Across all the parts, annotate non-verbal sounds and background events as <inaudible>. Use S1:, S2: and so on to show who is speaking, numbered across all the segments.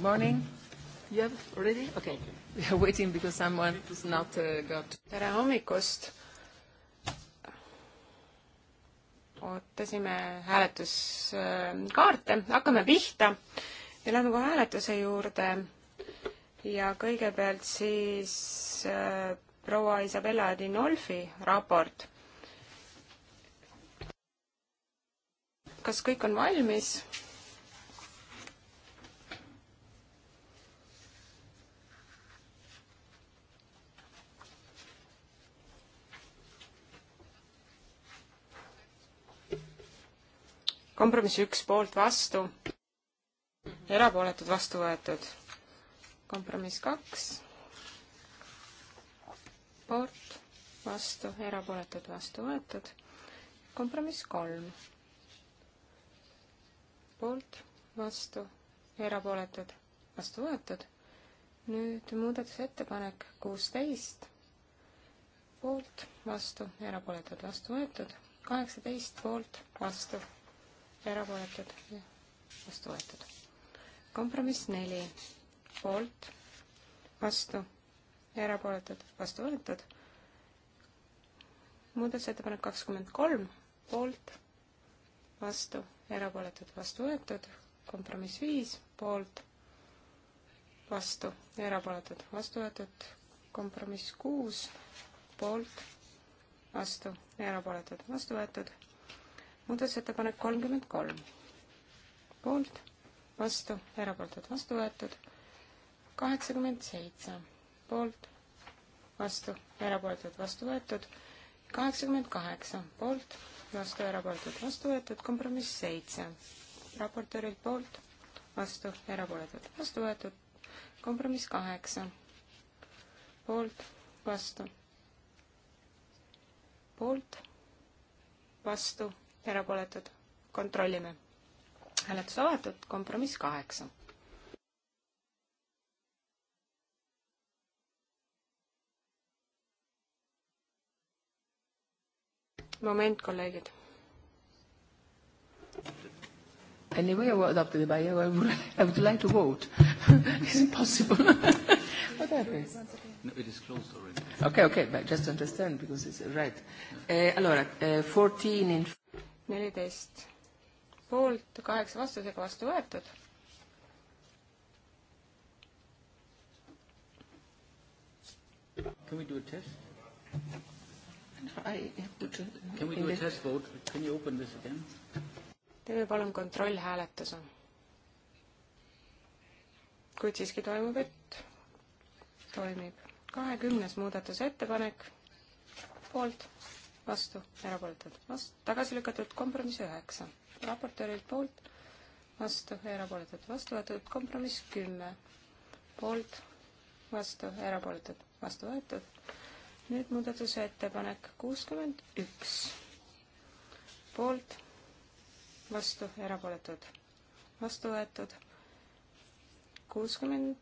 S1: Morning. You have ready? Okay. We are waiting because someone has not uh, got. tere hommikust. ootasime hääletuskaarte, hakkame pihta ja lähme kohe hääletuse juurde. ja kõigepealt siis äh, proua Isabella Adinolfi raport. kas kõik on valmis? kompromiss üks poolt vastu, erapooletud vastu võetud. kompromiss kaks, poolt, vastu, erapooletud vastu võetud. kompromiss kolm, poolt, vastu, erapooletud vastu võetud. nüüd muudatusettepanek kuusteist, poolt, vastu, erapooletud vastu võetud kaheksateist poolt, vastu, erapooletud, vastu võetud. kompromiss neli, poolt, vastu, erapooletud, vastu võetud. muudatusettepanek kakskümmend kolm, poolt, vastu, erapooletud, vastu võetud. kompromiss viis, poolt, vastu, erapooletud, vastu võetud. kompromiss kuus, poolt, vastu, erapooletud, vastu võetud muudatusettepanek kolmkümmend kolm. poolt, vastu, erapooletud, vastu võetud. kaheksakümmend seitse, poolt, vastu, erapooletud, vastu võetud. kaheksakümmend kaheksa, poolt, vastu, erapooletud, vastu võetud. kompromiss seitse, raportöörilt poolt, vastu, erapooletud, vastu võetud. kompromiss kaheksa, poolt, vastu, poolt, vastu erapooletud, kontrollime. hääletus avatud, kompromiss kaheksa. moment, kolleegid. Anyway, I was adopted by you. I would, I would like to vote. <laughs> Is it possible? <laughs> what happens? No, it is closed already. Okay, okay, but just understand because it's right. Eh, allora, eh, 14 in neliteist poolt, kaheksa vastusega vastu võetud.
S2: Can we do a test? I have to Can we do a test vote? Can you open this again?
S1: teeme palun kontrollhääletuse. kuid siiski toimub, et toimib. kahekümnes muudatusettepanek poolt vastu, erapooletud, vastu, tagasi lükatud, kompromiss üheksa. raportöörilt poolt, vastu, erapooletud, vastu võetud, kompromiss kümme. poolt, vastu, erapooletud, vastu võetud. nüüd muudatusettepanek kuuskümmend üks. poolt, vastu, erapooletud, vastu võetud. kuuskümmend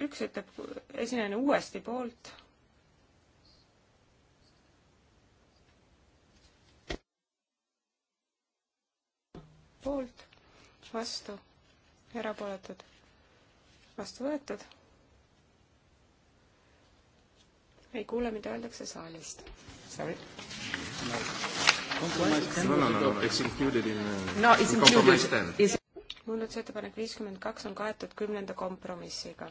S1: üks ütleb esinejana uuesti poolt poolt, vastu, erapooletud, vastu võetud. ei kuule, mida öeldakse saalist.
S2: Sorry. no, no, no, no, it's included in uh, no, it's included.
S1: muudatusettepanek viiskümmend kaks on kaetud kümnenda kompromissiga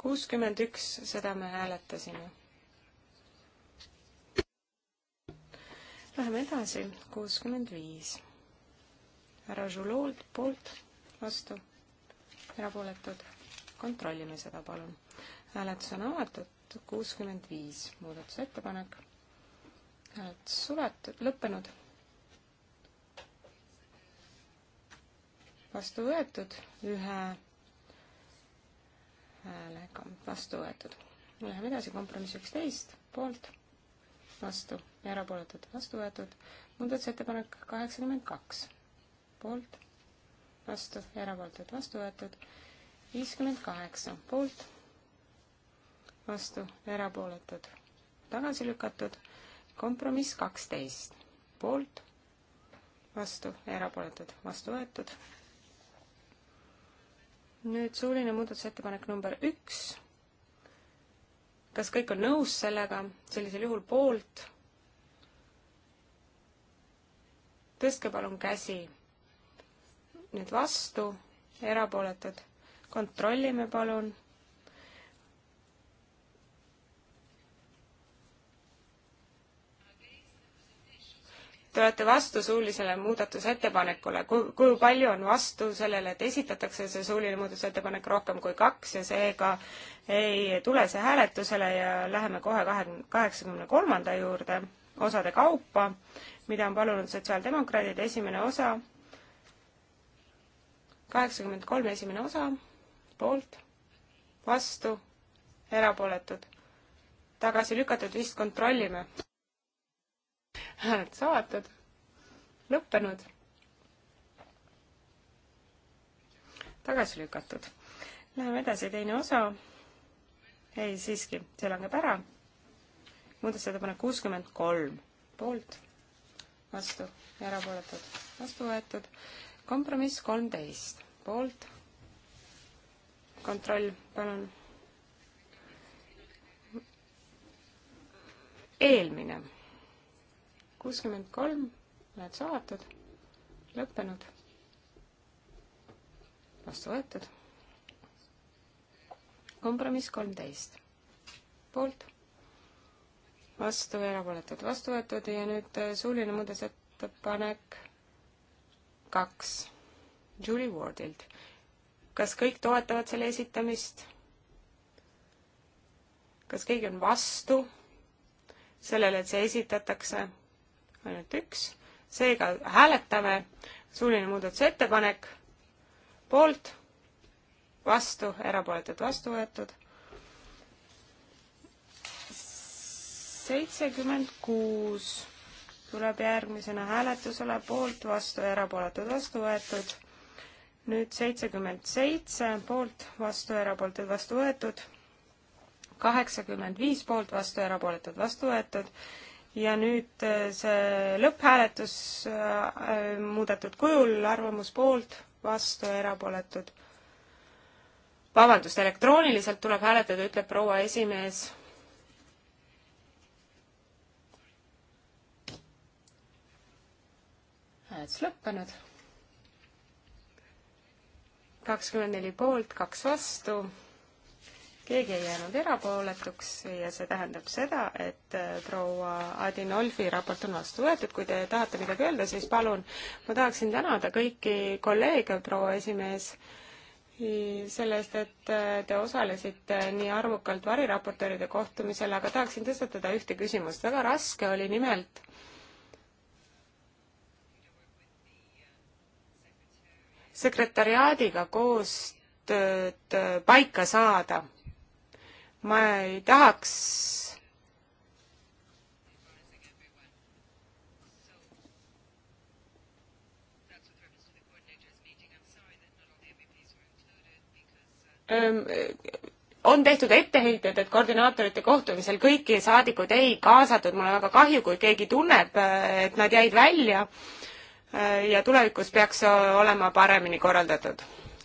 S1: kuuskümmend üks, seda me hääletasime. Läheme edasi, kuuskümmend viis. härra Žuloolt poolt, vastu, erapooletud. kontrollime seda, palun. hääletus on avatud, kuuskümmend viis, muudatusettepanek. hääletus suletud, lõppenud vastu võetud ühe häälega vastu võetud. Läheme edasi, kompromiss üksteist, poolt, vastu, erapooletud, vastu võetud. muudatusettepanek kaheksakümmend kaks, poolt, vastu, erapooletud, vastu võetud. viiskümmend kaheksa, poolt, vastu, erapooletud, tagasi lükatud. kompromiss kaksteist, poolt, vastu, erapooletud, vastu võetud nüüd suuline muudatusettepanek number üks. kas kõik on nõus sellega, sellisel juhul poolt? tõstke palun käsi. nüüd vastu, erapooletud. kontrollime palun. Te olete vastu suulisele muudatusettepanekule, kui, kui palju on vastu sellele, et esitatakse see suuline muudatusettepanek rohkem kui kaks ja seega ei tule see hääletusele ja läheme kohe kahekümne, kaheksakümne kolmanda juurde osade kaupa, mida on palunud sotsiaaldemokraadid, esimene osa, kaheksakümmend kolm esimene osa, poolt, vastu, erapooletud tagasi lükatud, vist kontrollime hääletus avatud, lõppenud, tagasi lükatud. Läheme edasi, teine osa. ei, siiski, see langeb ära. muudatusettepanek kuuskümmend kolm, poolt, vastu, erapooletud, vastu võetud. kompromiss kolmteist, poolt. kontroll, palun
S2: eelmine
S1: kuuskümmend kolm, oled salatud, lõppenud, vastu võetud. kompromiss kolmteist, poolt, vastu, erapooletud, vastu võetud ja nüüd äh, suuline muudatusettepanek kaks Julie Wardilt. kas kõik toetavad selle esitamist? kas keegi on vastu sellele, et see esitatakse? ainult üks, seega hääletame, suuline muudatusettepanek, poolt, vastu, erapooletud, vastu võetud, seitsekümmend kuus tuleb järgmisena hääletusele, poolt, vastu, erapooletud, vastu võetud, nüüd seitsekümmend seitse, poolt, vastu, erapooletud, vastu võetud, kaheksakümmend viis poolt, vastu, erapooletud, vastu võetud ja nüüd äh, see lõpphääletus äh, äh, muudetud kujul, arvamus poolt, vastu ja erapooletud. vabandust, elektrooniliselt tuleb hääletada, ütleb proua esimees. hääletus lõppenud. kakskümmend neli poolt, kaks vastu keegi ei jäänud erapooletuks ja see tähendab seda, et äh, proua Adinolfi raport on vastu võetud. kui te tahate midagi öelda, siis palun, ma tahaksin tänada kõiki kolleege, proua esimees, selle eest, et äh, te osalesite nii arvukalt variraportööride kohtumisel, aga tahaksin tõstatada ühte küsimust. väga raske oli nimelt sekretariaadiga koostööd äh, paika saada ma ei tahaks on tehtud etteheited, et koordinaatorite kohtumisel kõiki saadikuid ei kaasatud, mul on väga kahju, kui keegi tunneb, et nad jäid välja ja tulevikus peaks olema paremini korraldatud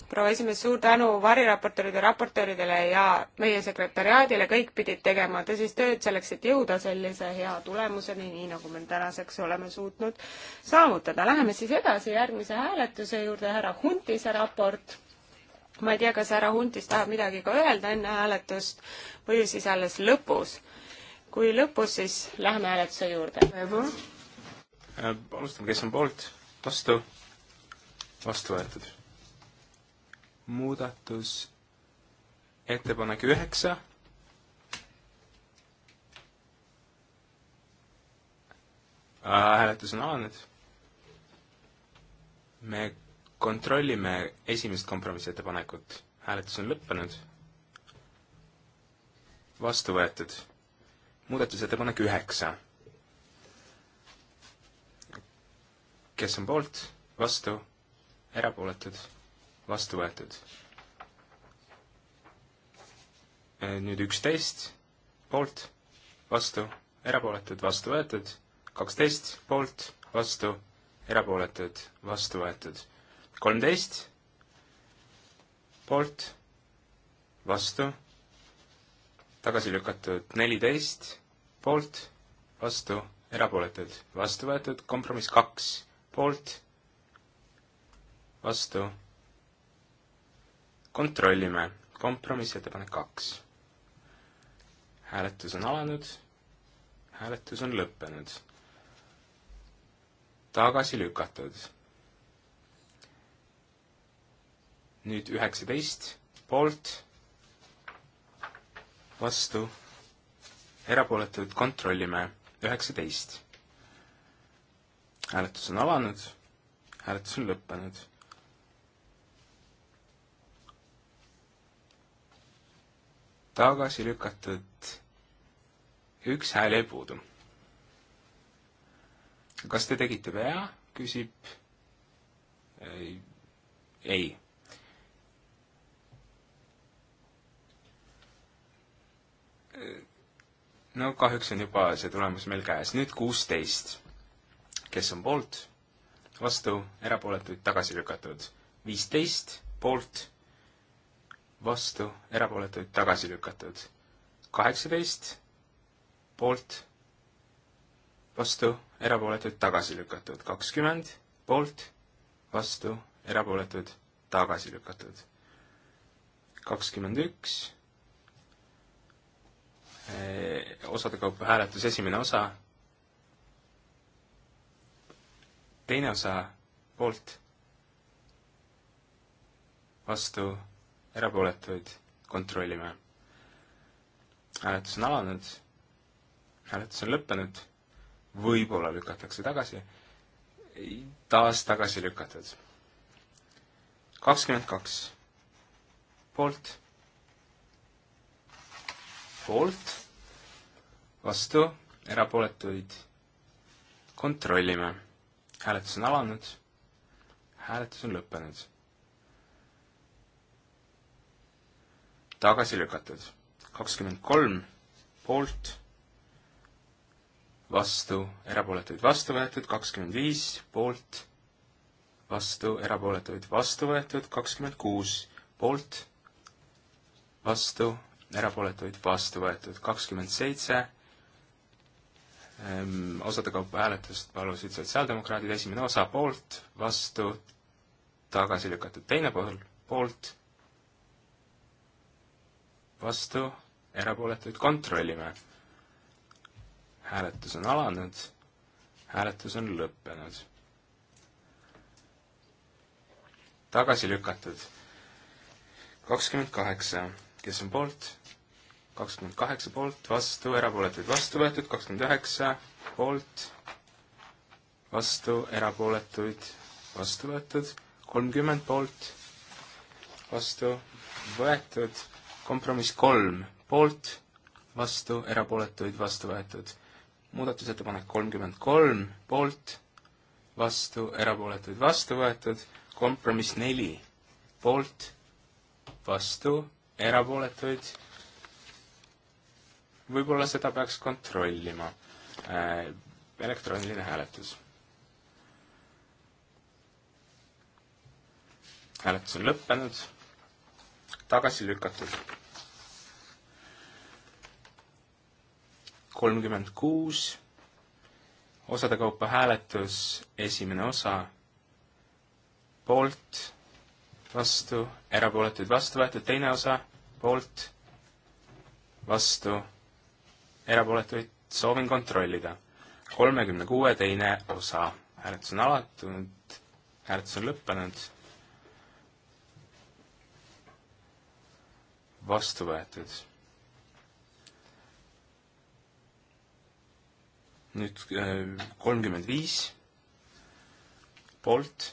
S1: proua esimees, suur tänu variraportööride, raportööridele ja meie sekretäriaadile, kõik pidid tegema tõsist tööd selleks, et jõuda sellise hea tulemuseni, nii nagu me tänaseks oleme suutnud saavutada. Läheme siis edasi järgmise hääletuse juurde, härra Huntise raport. ma ei tea, kas härra Huntis tahab midagi ka öelda enne hääletust või siis alles lõpus. kui lõpus, siis läheme hääletuse juurde.
S2: alustame, kes on poolt, vastu, vastu võetud muudatus ettepanek üheksa. Äh, hääletus on alanud. me kontrollime esimest kompromissettepanekut. hääletus on lõppenud. vastu võetud. muudatusettepanek üheksa. kes on poolt, vastu, erapooletud vastu võetud. Äh, nüüd üksteist poolt, vastu, erapooletud, vastu võetud, kaksteist poolt, vastu, erapooletud, vastu võetud, kolmteist poolt, vastu, tagasi lükatud, neliteist poolt, vastu, erapooletud, vastu võetud, kompromiss kaks poolt, vastu kontrollime, kompromissettepanek kaks. hääletus on alanud, hääletus on lõppenud. tagasi lükatud. nüüd üheksateist poolt, vastu, erapooletud kontrollime, üheksateist. hääletus on alanud, hääletus on lõppenud tagasi lükatud, üks hääl jäi puudu. kas te tegite vea, küsib ei, ei.. no kahjuks on juba see tulemus meil käes, nüüd kuusteist. kes on poolt, vastu, erapooletuid tagasi lükatud, viisteist poolt vastu, erapooletuid tagasi lükatud. kaheksateist poolt, vastu, erapooletuid tagasi lükatud. kakskümmend poolt, vastu, erapooletuid tagasi lükatud. kakskümmend üks, eh, osade kaupa hääletus, esimene osa, teine osa poolt, vastu erapooletuid kontrollime. hääletus on alanud, hääletus on lõppenud, võib-olla lükatakse tagasi, taas tagasi lükatud. kakskümmend kaks poolt, poolt, vastu, erapooletuid kontrollime. hääletus on alanud, hääletus on lõppenud tagasi lükatud. kakskümmend kolm poolt, vastu, erapooletuid vastu võetud, kakskümmend viis poolt, vastu, erapooletuid vastu võetud, kakskümmend kuus poolt, vastu, erapooletuid vastu võetud, kakskümmend seitse, ehm, osade kaupa hääletust palusid sotsiaaldemokraadid, esimene osa poolt, vastu, tagasi lükatud, teine pool poolt vastu, erapooletuid kontrollime. hääletus on alanud, hääletus on lõppenud. tagasi lükatud kakskümmend kaheksa, kes on poolt, kakskümmend kaheksa poolt, vastu, erapooletuid vastu võetud, kakskümmend üheksa poolt, vastu, erapooletuid vastu võetud, kolmkümmend poolt, vastu võetud kompromiss kolm poolt, vastu, erapooletuid vastu võetud. muudatusettepanek kolmkümmend kolm poolt, vastu, erapooletuid vastu võetud, kompromiss neli poolt, vastu, erapooletuid. võib-olla seda peaks kontrollima. Äh, elektrooniline hääletus. hääletus on lõppenud tagasi lükatud. kolmkümmend kuus, osade kaupa hääletus, esimene osa, poolt, vastu, erapooletuid vastu võetud, teine osa, poolt, vastu, erapooletuid soovin kontrollida. kolmekümne kuue teine osa, hääletus on alatud, hääletus on lõppenud vastu võetud. nüüd äh, kolmkümmend viis poolt,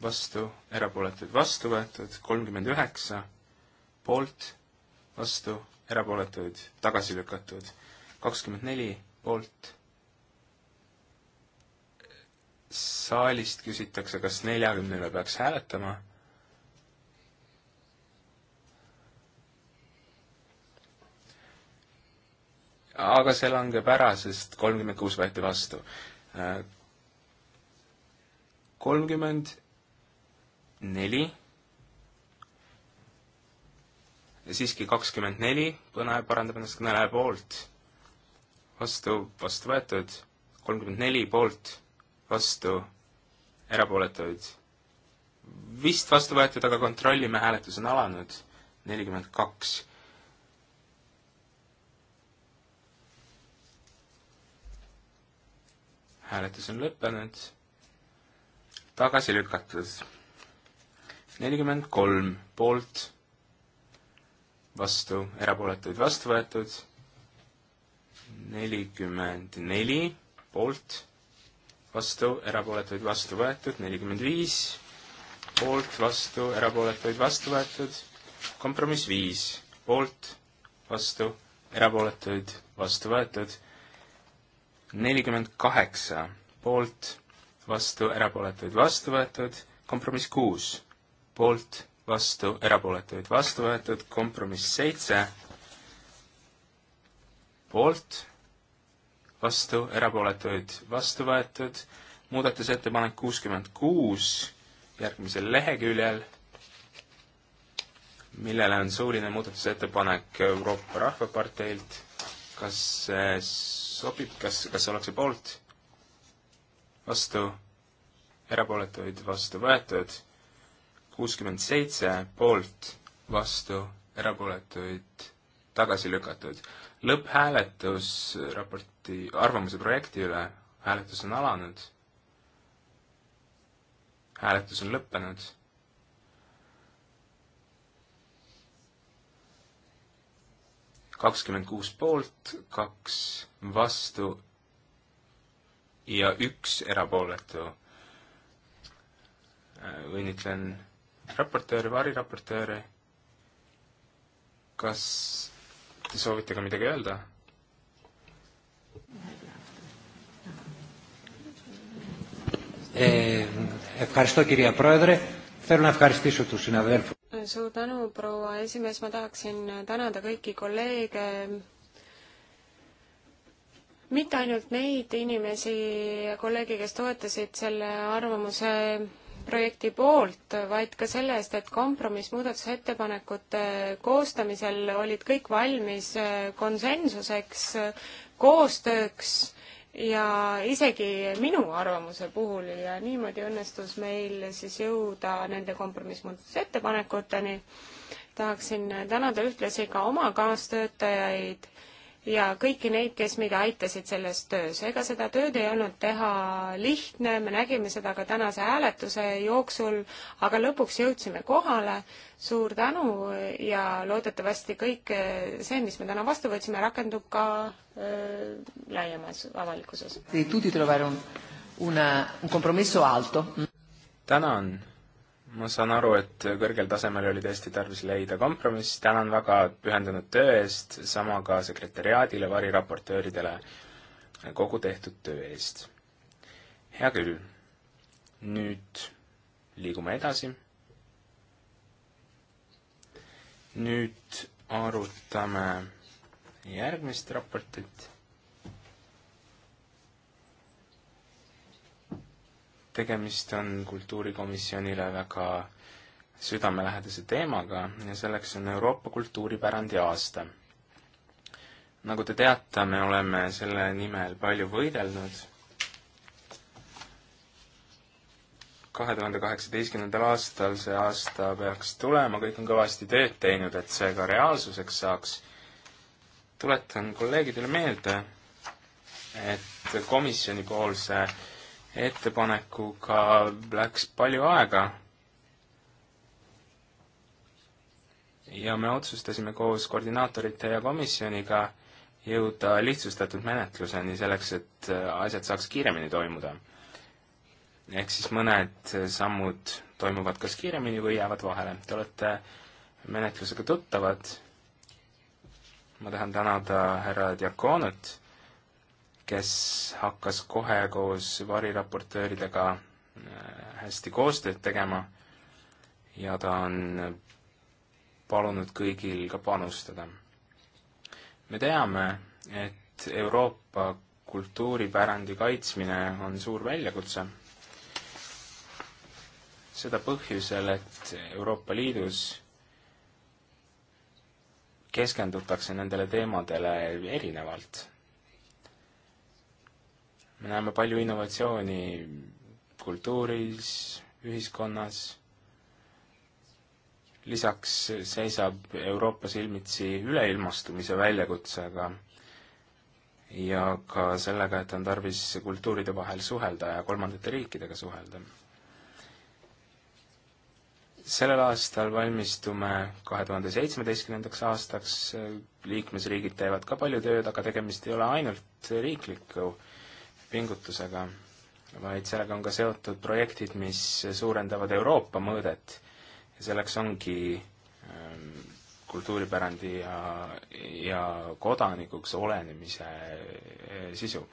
S2: vastu, erapooletuid vastu võetud, kolmkümmend üheksa poolt, vastu, erapooletuid tagasi lükatud, kakskümmend neli poolt. saalist küsitakse, kas neljakümne üle peaks hääletama aga see langeb ära, sest kolmkümmend kuus võeti vastu. kolmkümmend neli, siiski kakskümmend neli, põnev parandab ennast kõnele poolt, vastu, vastu võetud, kolmkümmend neli poolt, vastu, erapooletuid vist vastu võetud, aga kontrollime, hääletus on alanud, nelikümmend kaks hääletus on lõppenud, tagasi lükatud. nelikümmend kolm poolt, vastu, erapooletuid vastu võetud, nelikümmend neli poolt, vastu, erapooletuid vastu võetud, nelikümmend viis poolt, vastu, erapooletuid vastu võetud, kompromiss viis poolt, vastu, erapooletuid vastu võetud nelikümmend kaheksa poolt, vastu, erapooletuid, vastu võetud, kompromiss kuus poolt, vastu, erapooletuid, vastu võetud, kompromiss seitse poolt, vastu, erapooletuid, vastu võetud, muudatusettepanek kuuskümmend kuus järgmisel leheküljel millele on suuline muudatusettepanek Euroopa Rahvaparteilt, kas sobib, kas, kas ollakse poolt, vastu, erapooletuid vastu võetud, kuuskümmend seitse poolt, vastu, erapooletuid tagasi lükatud. lõpphääletus raporti, arvamuse projekti üle, hääletus on alanud, hääletus on lõppenud kakskümmend kuus poolt, kaks vastu ja üks erapooletu. Äh, õnnitlen raportööri, variraportööri. kas te soovite ka midagi öelda? Ευχαριστώ κυρία Πρόεδρε.
S3: Θέλω να ευχαριστήσω τους συναδέλφους
S1: suur tänu, proua esimees, ma tahaksin tänada kõiki kolleege, mitte ainult neid inimesi, kolleege, kes toetasid selle arvamuse projekti poolt, vaid ka selle eest, et kompromissmuudatusettepanekute koostamisel olid kõik valmis konsensuseks, koostööks ja isegi minu arvamuse puhul ja niimoodi õnnestus meil siis jõuda nende kompromissmuudatusettepanekuteni. tahaksin tänada ühtlasi ka oma kaastöötajaid ja kõiki neid, kes meid aitasid selles töös. ega seda tööd ei olnud teha lihtne, me nägime seda ka tänase hääletuse jooksul, aga lõpuks jõudsime kohale. suur tänu ja loodetavasti kõik eh, see, mis me täna vastu võtsime, rakendub ka öö, eh, laiemas avalikkuses.
S2: tänan ma saan aru, et kõrgel tasemel oli tõesti tarvis leida kompromiss, tänan väga pühendunud töö eest, sama ka sekretäriaadile, variraportööridele kogu tehtud töö eest. hea küll, nüüd liigume edasi. nüüd arutame järgmist raportit tegemist on kultuurikomisjonile väga südamelähedase teemaga ja selleks on Euroopa kultuuripärandi aasta. nagu te teate, me oleme selle nimel palju võidelnud. kahe tuhande kaheksateistkümnendal aastal see aasta peaks tulema, kõik on kõvasti tööd teinud, et see ka reaalsuseks saaks. tuletan kolleegidele meelde, et komisjonipoolse ettepanekuga läks palju aega. ja me otsustasime koos koordinaatorite ja komisjoniga jõuda lihtsustatud menetluseni selleks, et äh, asjad saaks kiiremini toimuda. ehk siis mõned sammud toimuvad kas kiiremini või jäävad vahele. Te olete menetlusega tuttavad. ma tahan tänada härra Diakonut kes hakkas kohe koos variraportööridega äh, hästi koostööd tegema ja ta on palunud kõigil ka panustada. me teame, et Euroopa kultuuripärandi kaitsmine on suur väljakutse. seda põhjusel, et Euroopa Liidus keskendutakse nendele teemadele erinevalt me näeme palju innovatsiooni kultuuris, ühiskonnas, lisaks seisab Euroopa silmitsi üleilmastumise väljakutsega ja ka sellega, et on tarvis kultuuride vahel suhelda ja kolmandate riikidega suhelda. sellel aastal valmistume kahe tuhande seitsmeteistkümnendaks aastaks, liikmesriigid teevad ka palju tööd, aga tegemist ei ole ainult riikliku pingutusega, vaid sellega on ka seotud projektid, mis suurendavad Euroopa mõõdet ja selleks ongi ähm, kultuuripärandi ja, ja kodanikuks olenemise äh, sisu.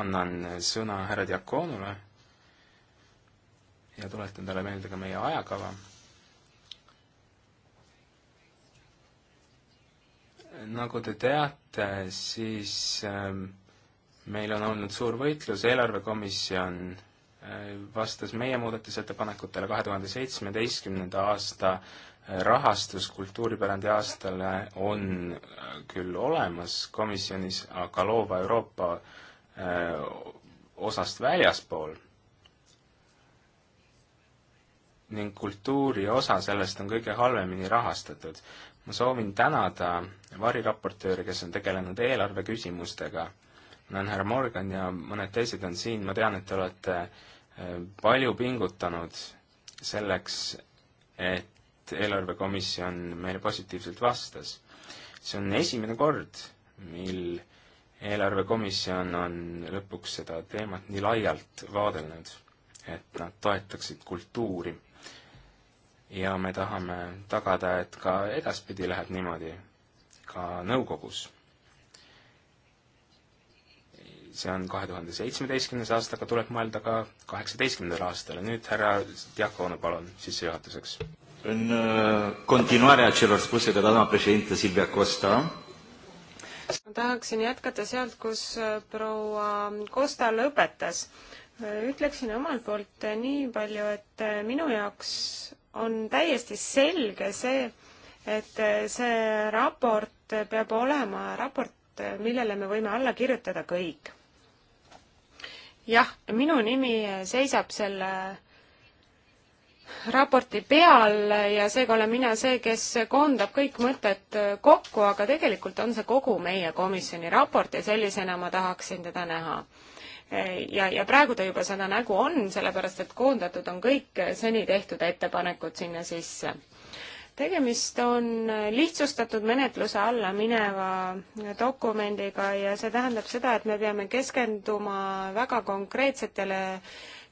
S2: annan sõna härra Diakonule ja tuletan talle meelde ka meie ajakava. nagu te teate, siis ähm, meil on olnud suur võitlus, eelarvekomisjon äh, vastas meie muudatusettepanekutele kahe tuhande seitsmeteistkümnenda aasta äh, rahastus kultuuripärandi aastale on äh, küll olemas komisjonis, aga loova Euroopa osast väljaspool. ning kultuuri osa sellest on kõige halvemini rahastatud. ma soovin tänada variraportööri, kes on tegelenud eelarve küsimustega on härra Morgan ja mõned teised on siin, ma tean, et te olete äh, palju pingutanud selleks, et eelarvekomisjon meile positiivselt vastas. see on esimene kord, mil eelarvekomisjon on lõpuks seda teemat nii laialt vaadelnud, et nad toetaksid kultuuri. ja me tahame tagada, et ka edaspidi läheb niimoodi, ka nõukogus see on kahe tuhande seitsmeteistkümnes aasta, aga tuleb mõelda ka kaheksateistkümnendale aastale. nüüd härra Diakonu, palun, sissejuhatuseks. În uh, continuarea celor spuse de doamna președintă Silvia Costa,
S1: ma tahaksin jätkata sealt, kus uh, proua Costa lõpetas. Uh, ütleksin omalt poolt nii palju, et minu jaoks on täiesti selge see, et see raport peab olema raport, millele me võime alla kirjutada kõik jah, minu nimi seisab selle raporti peal ja seega olen mina see, kes koondab kõik mõtted kokku, aga tegelikult on see kogu meie komisjoni raport ja sellisena ma tahaksin teda näha. ja, ja praegu ta juba seda nägu on, sellepärast et koondatud on kõik seni tehtud ettepanekud sinna sisse tegemist on lihtsustatud menetluse alla mineva dokumendiga ja see tähendab seda, et me peame keskenduma väga konkreetsetele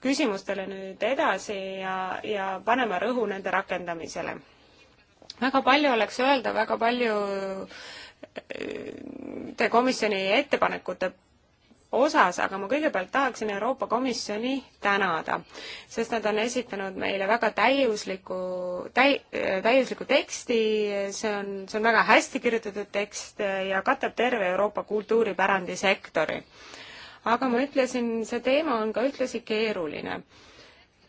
S1: küsimustele nüüd edasi ja, ja panema rõhu nende rakendamisele. väga palju oleks öelda, väga palju äh, te komisjoni ettepanekute osas, aga ma kõigepealt tahaksin Euroopa Komisjoni tänada, sest nad on esitanud meile väga täiusliku, täi-, täiusliku teksti, see on, see on väga hästi kirjutatud tekst ja katab terve Euroopa kultuuripärandisektori. aga ma ütlesin, see teema on ka ühtlasi keeruline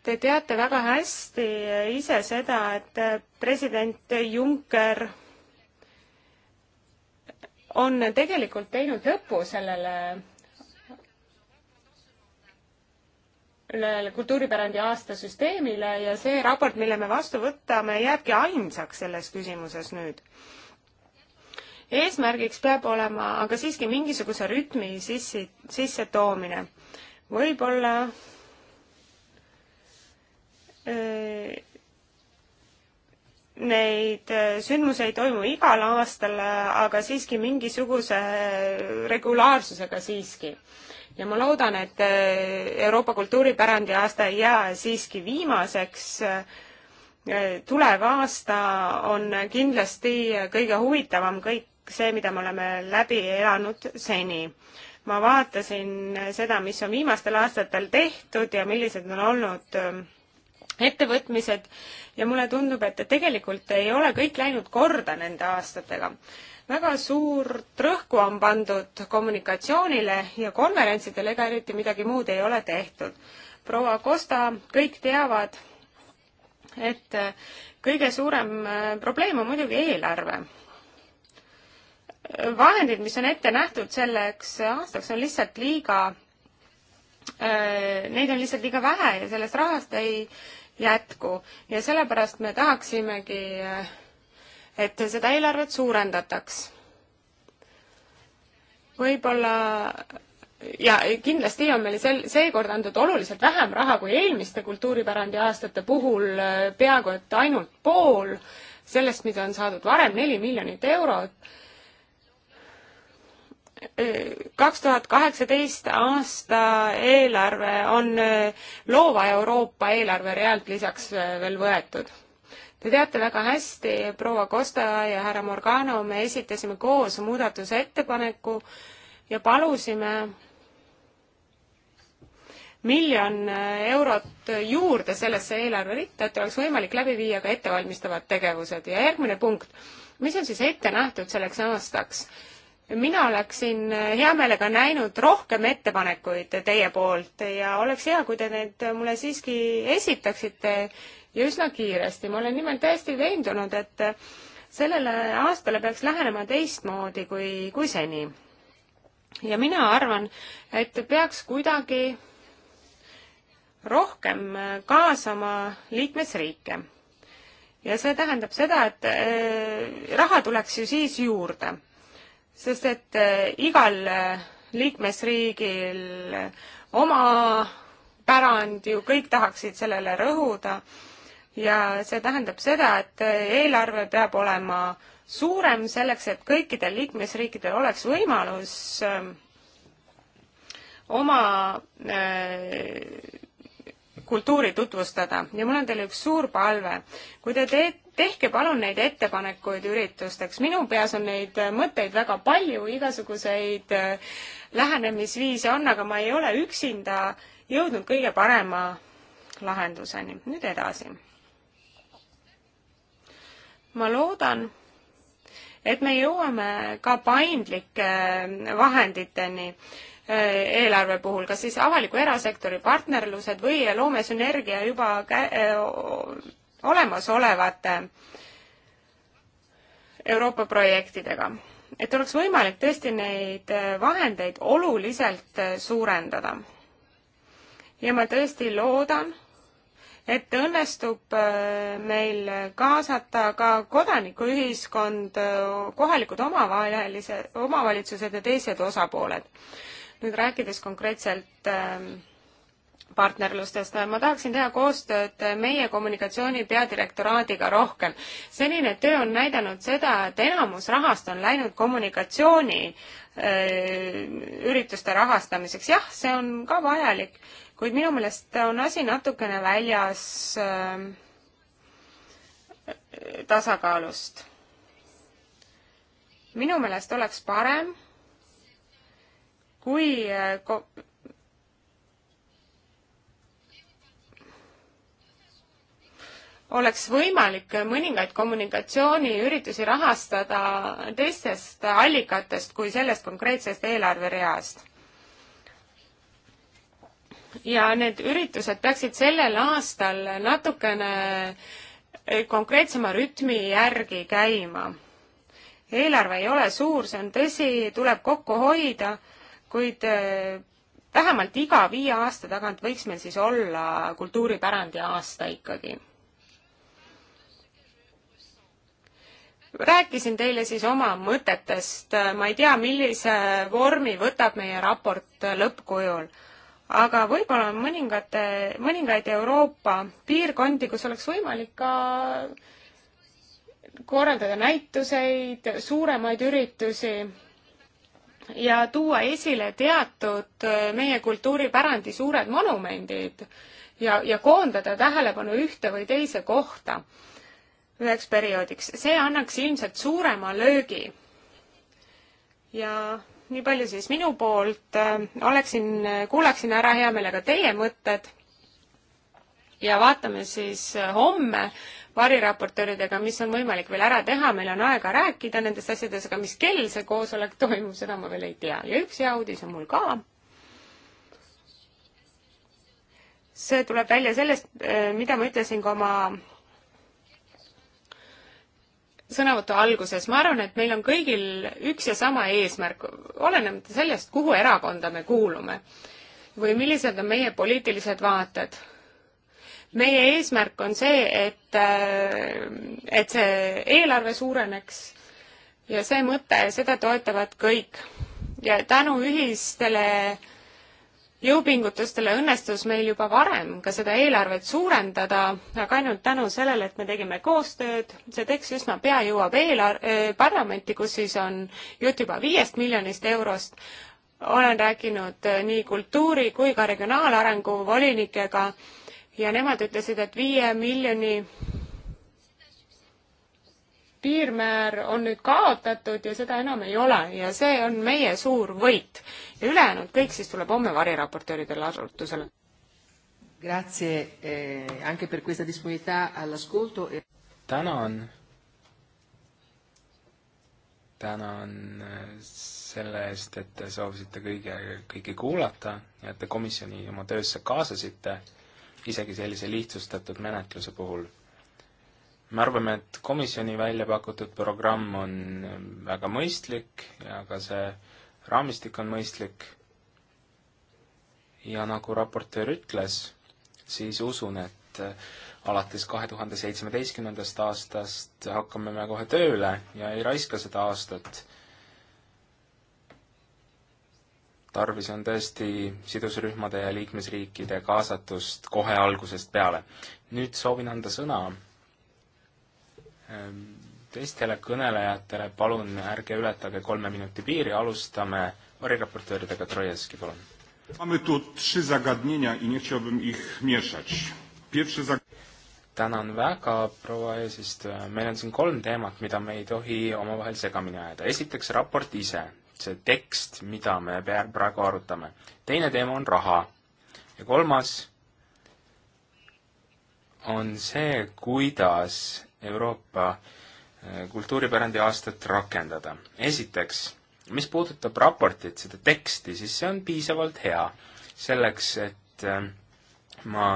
S1: te teate väga hästi ise seda, et president Juncker on tegelikult teinud lõpu sellele kultuuripärandi aastasüsteemile ja see raport, mille me vastu võtame, jääbki ainsaks selles küsimuses nüüd. eesmärgiks peab olema aga siiski mingisuguse rütmi sissi, sissetoomine. võib-olla äh, Neid äh, sündmusi ei toimu igal aastal, aga siiski mingisuguse äh, regulaarsusega siiski ja ma loodan, et äh, Euroopa kultuuripärandi aasta ei jää siiski viimaseks. Äh, tulev aasta on kindlasti kõige huvitavam kõik see, mida me oleme läbi elanud seni. ma vaatasin seda, mis on viimastel aastatel tehtud ja millised on olnud ähm, ettevõtmised ja mulle tundub, et tegelikult ei ole kõik läinud korda nende aastatega väga suurt rõhku on pandud kommunikatsioonile ja konverentsidele, ega eriti midagi muud ei ole tehtud. proua Kosta, kõik teavad, et kõige suurem äh, probleem on muidugi eelarve. vahendid, mis on ette nähtud selleks aastaks, on lihtsalt liiga, äh, neid on lihtsalt liiga vähe ja sellest rahast ei jätku ja sellepärast me tahaksimegi äh, et seda eelarvet suurendataks. võib-olla ja kindlasti on meil sel, seekord antud oluliselt vähem raha kui eelmiste kultuuripärandi aastate puhul, peaaegu et ainult pool sellest, mida on saadud varem, neli miljonit eurot. kaks tuhat kaheksateist aasta eelarve on loova Euroopa eelarve realt lisaks veel võetud Te teate väga hästi, proua Costa ja härra Morgano, me esitasime koos muudatusettepaneku ja palusime miljon eurot juurde sellesse eelarveritta, et oleks võimalik läbi viia ka ettevalmistavad tegevused ja järgmine punkt, mis on siis ette nähtud selleks aastaks? mina oleksin hea meelega näinud rohkem ettepanekuid teie poolt ja oleks hea, kui te need mulle siiski esitaksite ja üsna kiiresti. ma olen nimelt täiesti veendunud, et sellele aastale peaks lähenema teistmoodi kui, kui seni. ja mina arvan, et peaks kuidagi rohkem kaasama liikmesriike. ja see tähendab seda, et äh, raha tuleks ju siis juurde, sest et äh, igal äh, liikmesriigil oma pärand ju kõik tahaksid sellele rõhuda ja see tähendab seda, et eelarve peab olema suurem selleks, et kõikidel liikmesriikidel oleks võimalus ähm, oma äh, kultuuri tutvustada ja mul on teile üks suur palve. kui te teete tehke palun neid ettepanekuid üritusteks, minu peas on neid mõtteid väga palju, igasuguseid äh, lähenemisviise on, aga ma ei ole üksinda jõudnud kõige parema lahenduseni. nüüd edasi ma loodan, et me jõuame ka paindlike vahenditeni äh, eelarve puhul, kas siis avaliku erasektori partnerlused või loome sünergia juba äh, olemasolevate Euroopa projektidega. et oleks võimalik tõesti neid äh, vahendeid oluliselt suurendada. ja ma tõesti loodan, et õnnestub äh, meil kaasata ka kodanikuühiskond, äh, kohalikud omavahelise, omavalitsused ja teised osapooled. nüüd rääkides konkreetselt ähm, partnerlustest, ma tahaksin teha koostööd meie kommunikatsiooni peadirektoraadiga rohkem. senine töö on näidanud seda, et enamus rahast on läinud kommunikatsiooni äh, ürituste rahastamiseks, jah, see on ka vajalik kuid minu meelest on asi natukene väljas äh, tasakaalust. minu meelest oleks parem, kui äh, ko-, oleks võimalik mõningaid kommunikatsiooniüritusi rahastada teistest allikatest kui sellest konkreetsest eelarvereast ja need üritused peaksid sellel aastal natukene konkreetsema rütmi järgi käima. eelarve ei ole suur, see on tõsi, tuleb kokku hoida, kuid äh, vähemalt iga viie aasta tagant võiks meil siis olla kultuuripärandi aasta ikkagi. rääkisin teile siis oma mõtetest, ma ei tea, millise vormi võtab meie raport lõppkujul aga võib-olla on mõningate, mõningaid Euroopa piirkondi, kus oleks võimalik ka korraldada näituseid, suuremaid üritusi ja tuua esile teatud äh, meie kultuuripärandi suured monumendid ja, ja koondada tähelepanu ühte või teise kohta üheks perioodiks. see annaks ilmselt suurema löögi ja nii palju siis minu poolt, oleksin, kuulaksin ära hea meelega teie mõtted ja vaatame siis homme variraportööridega, mis on võimalik veel ära teha, meil on aega rääkida nendest asjadest, aga mis kell see koosolek toimub, seda ma veel ei tea. ja üks hea uudis on mul ka. see tuleb välja sellest, eh, mida ma ütlesin ka oma sõnavõtu alguses, ma arvan, et meil on kõigil üks ja sama eesmärk, olenemata sellest, kuhu erakonda me kuulume või millised on meie poliitilised vaated. meie eesmärk on see, et, äh, et see eelarve suureneks ja see mõte, seda toetavad kõik. ja tänu ühistele äh, jõupingutustele õnnestus meil juba varem ka seda eelarvet suurendada, aga ainult tänu sellele, et me tegime koostööd, see tekst üsna pea jõuab eelar-, eh, parlamenti, kus siis on jutt juba viiest miljonist eurost, olen rääkinud eh, nii kultuuri kui ka regionaalarengu volinikega ja nemad ütlesid, et viie miljoni piirmäär on nüüd kaotatud ja seda enam ei ole ja see on meie suur võit. ja ülejäänud kõik siis tuleb homme variraportööridele arutusele.
S3: Grazie eh, anche per questa disponibilità all'ascolto. E-
S2: Tänan. Tänan eh, selle eest, et te soovisite kõige, kõike kuulata ja et te komisjoni oma töösse kaasasite, isegi sellise lihtsustatud menetluse puhul me arvame, et komisjoni välja pakutud programm on väga mõistlik ja ka see raamistik on mõistlik. ja nagu raportöör ütles, siis usun, et alates kahe tuhande seitsmeteistkümnendast aastast hakkame me kohe tööle ja ei raiska seda aastat. tarvis on tõesti sidusrühmade ja liikmesriikide kaasatust kohe algusest peale. nüüd soovin anda sõna Ehm, teistele kõnelejatele palun ärge ületage kolme minuti piiri, alustame variraportööridega, Trojevski, palun. Mamy tu trzy zagadnienia i nie chciałbym ich mieszać. Pierwsze zag... tänan väga, proua eesistuja, meil on siin kolm teemat, mida me ei tohi omavahel segamini ajada. esiteks raport ise, see tekst, mida me praegu arutame. teine teema on raha. ja kolmas on see, kuidas Euroopa eh, kultuuripärandi aastat rakendada. esiteks, mis puudutab raportit, seda teksti, siis see on piisavalt hea selleks, et eh, ma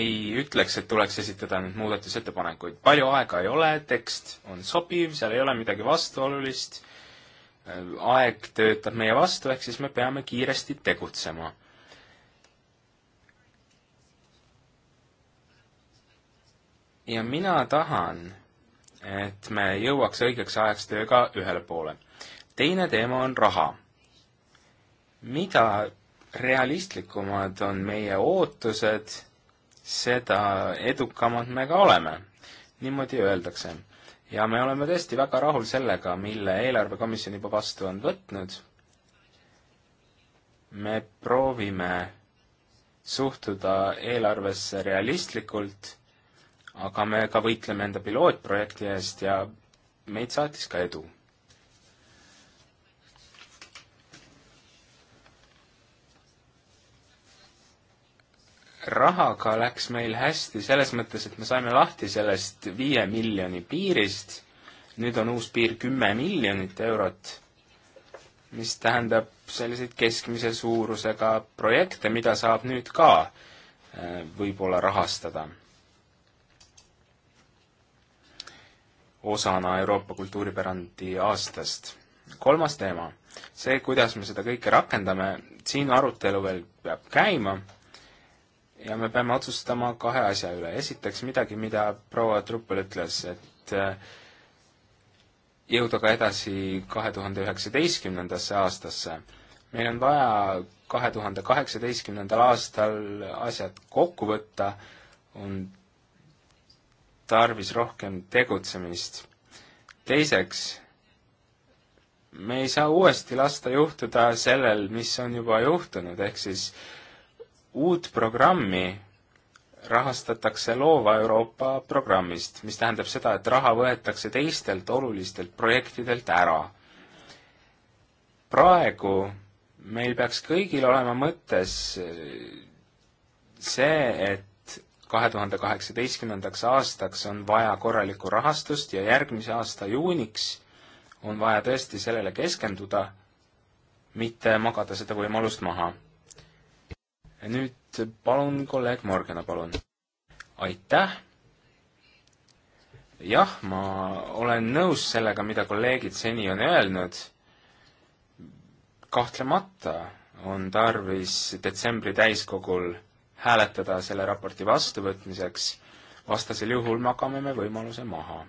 S2: ei ütleks, et tuleks esitada nüüd muudatusettepanekuid. palju aega ei ole, tekst on sobiv, seal ei ole midagi vastuolulist, eh, aeg töötab meie vastu, ehk siis me peame kiiresti tegutsema ja mina tahan, et me jõuaks õigeks ajaks tööga ühele poole. teine teema on raha. mida realistlikumad on meie ootused, seda edukamad me ka oleme. niimoodi öeldakse. ja me oleme tõesti väga rahul sellega, mille eelarvekomisjon juba vastu on võtnud. me proovime suhtuda eelarvesse realistlikult aga me ka võitleme enda pilootprojekti eest ja meid saatis ka edu. rahaga läks meil hästi selles mõttes, et me saime lahti sellest viie miljoni piirist, nüüd on uus piir kümme miljonit eurot, mis tähendab selliseid keskmise suurusega projekte, mida saab nüüd ka eh, võib-olla rahastada osana Euroopa kultuuripärandi aastast. kolmas teema, see, kuidas me seda kõike rakendame, siin arutelu veel peab käima ja me peame otsustama kahe asja üle. esiteks midagi, mida proua Truppel ütles, et äh, jõuda ka edasi kahe tuhande üheksateistkümnendasse aastasse. meil on vaja kahe tuhande kaheksateistkümnendal aastal asjad kokku võtta, on tarvis rohkem tegutsemist. teiseks, me ei saa uuesti lasta juhtuda sellel, mis on juba juhtunud, ehk siis uut programmi rahastatakse Loova Euroopa programmist, mis tähendab seda, et raha võetakse teistelt olulistelt projektidelt ära. praegu meil peaks kõigil olema mõttes see, et kahe tuhande kaheksateistkümnendaks aastaks on vaja korralikku rahastust ja järgmise aasta juuniks on vaja tõesti sellele keskenduda, mitte magada seda võimalust maha. nüüd palun, kolleeg Morgana, palun. aitäh! jah, ma olen nõus sellega, mida kolleegid seni on öelnud, kahtlemata on tarvis detsembri täiskogul hääletada selle raporti vastuvõtmiseks, vastasel juhul magame me võimaluse maha.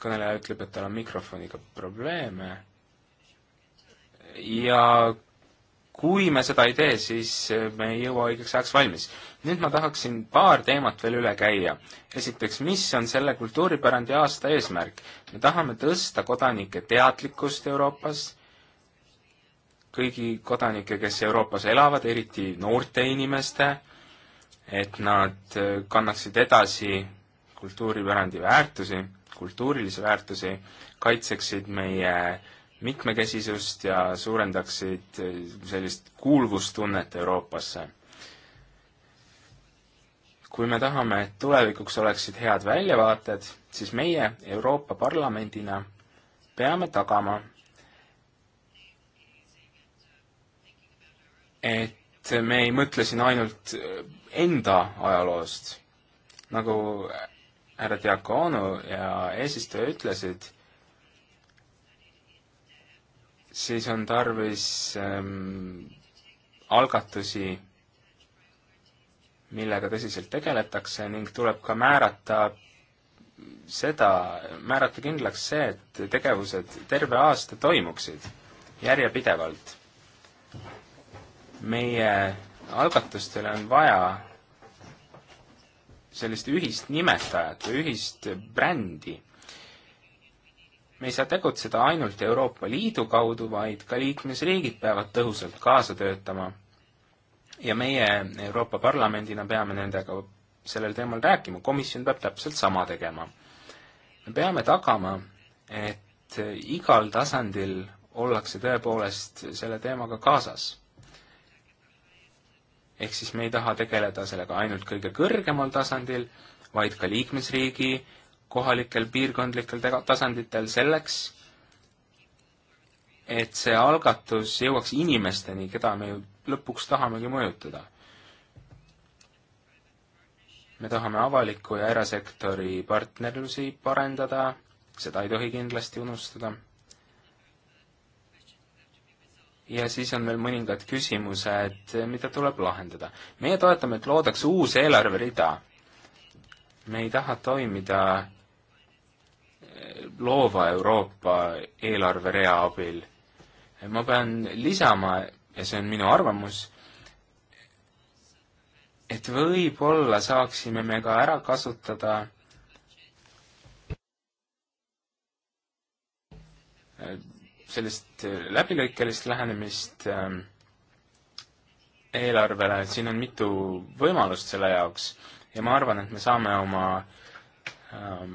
S2: kõneleja ütleb, et tal on mikrofoniga probleeme ja kui me seda ei tee, siis me ei jõua õigeks ajaks valmis. nüüd ma tahaksin paar teemat veel üle käia. esiteks, mis on selle kultuuripärandi aasta eesmärk? me tahame tõsta kodanike teadlikkust Euroopas kõigi kodanike, kes Euroopas elavad, eriti noorte inimeste, et nad äh, kannaksid edasi kultuuripärandi väärtusi, kultuurilisi väärtusi, kaitseksid meie mitmekesisust ja suurendaksid äh, sellist kuulvustunnet Euroopasse. kui me tahame, et tulevikuks oleksid head väljavaated, siis meie Euroopa Parlamendina peame tagama, et me ei mõtle siin ainult äh, enda ajaloost. nagu härra Diakonu ja eesistuja ütlesid, siis on tarvis ähm, algatusi, millega tõsiselt tegeletakse ning tuleb ka määrata seda, määrata kindlaks see, et tegevused terve aasta toimuksid järjepidevalt meie algatustele on vaja sellist ühist nimetajat või ühist brändi. me ei saa tegutseda ainult Euroopa Liidu kaudu, vaid ka liikmesriigid peavad tõhusalt kaasa töötama. ja meie Euroopa Parlamendina peame nendega sellel teemal rääkima, komisjon peab täpselt sama tegema. me peame tagama, et igal tasandil ollakse tõepoolest selle teemaga kaasas ehk siis me ei taha tegeleda sellega ainult kõige kõrgemal tasandil, vaid ka liikmesriigi kohalikel piirkondlikel tasanditel selleks, et see algatus jõuaks inimesteni, keda me ju lõpuks tahamegi mõjutada. me tahame avaliku ja erasektori partnerlusi parendada, seda ei tohi kindlasti unustada ja siis on veel mõningad küsimused, mida tuleb lahendada. meie toetame, et loodaks uus eelarverida. me ei taha toimida eh, loova Euroopa eelarverea abil. ma pean lisama, ja see on minu arvamus, et võib-olla saaksime me ka ära kasutada eh, sellist äh, läbilõikelist lähenemist ähm, eelarvele, et siin on mitu võimalust selle jaoks ja ma arvan, et me saame oma ähm,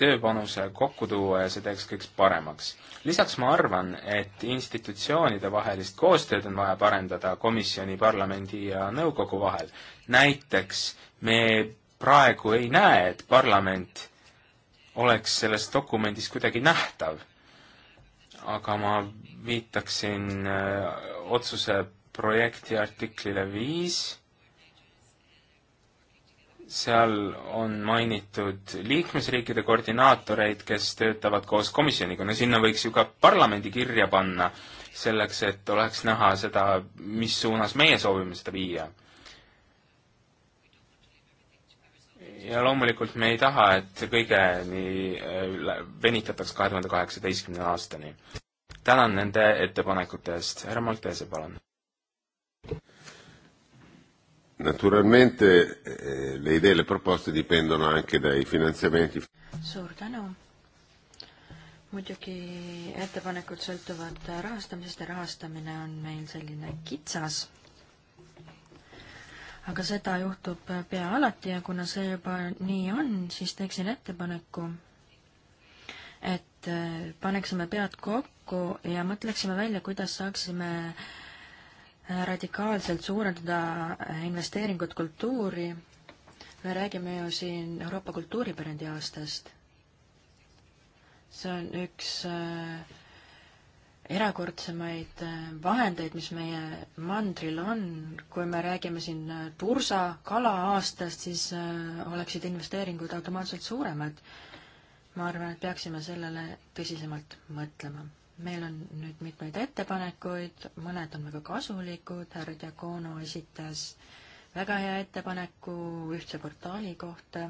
S2: tööpanuse kokku tuua ja see teeks kõik paremaks. lisaks ma arvan, et institutsioonide vahelist koostööd on vaja parendada komisjoni, parlamendi ja nõukogu vahel. näiteks me praegu ei näe, et parlament oleks selles dokumendis kuidagi nähtav. aga ma viitaksin äh, otsuse projekti artiklile viis, seal on mainitud liikmesriikide koordinaatoreid, kes töötavad koos komisjoniga, no sinna võiks ju ka parlamendi kirja panna, selleks et oleks näha seda, mis suunas meie soovime seda viia ja loomulikult me ei taha, et kõigeni äh, venitataks kahe tuhande kaheksateistkümne aastani. tänan nende ettepanekute eest, härra Maltese, palun. Naturalmente eh, le idee, le proposte dipendono anche dai finanziamenti. suur tänu.
S3: muidugi ettepanekud sõltuvad rahastamisest ja rahastamine on meil selline kitsas aga seda juhtub äh, pea alati ja kuna see juba nii on, siis teeksin ettepaneku, et äh, paneksime pead kokku ja mõtleksime välja, kuidas saaksime äh, radikaalselt suurendada investeeringut kultuuri. me räägime ju siin Euroopa kultuuripärandi aastast. see on üks äh, erakordsemaid äh, vahendeid, mis meie mandril on, kui me räägime siin äh, tursa kala-aastast, siis äh, oleksid investeeringud automaatselt suuremad. ma arvan, et peaksime sellele tõsisemalt mõtlema. meil on nüüd mitmeid ettepanekuid, mõned on väga kasulikud, härra Diakono esitas väga hea ettepaneku ühtse portaali kohta,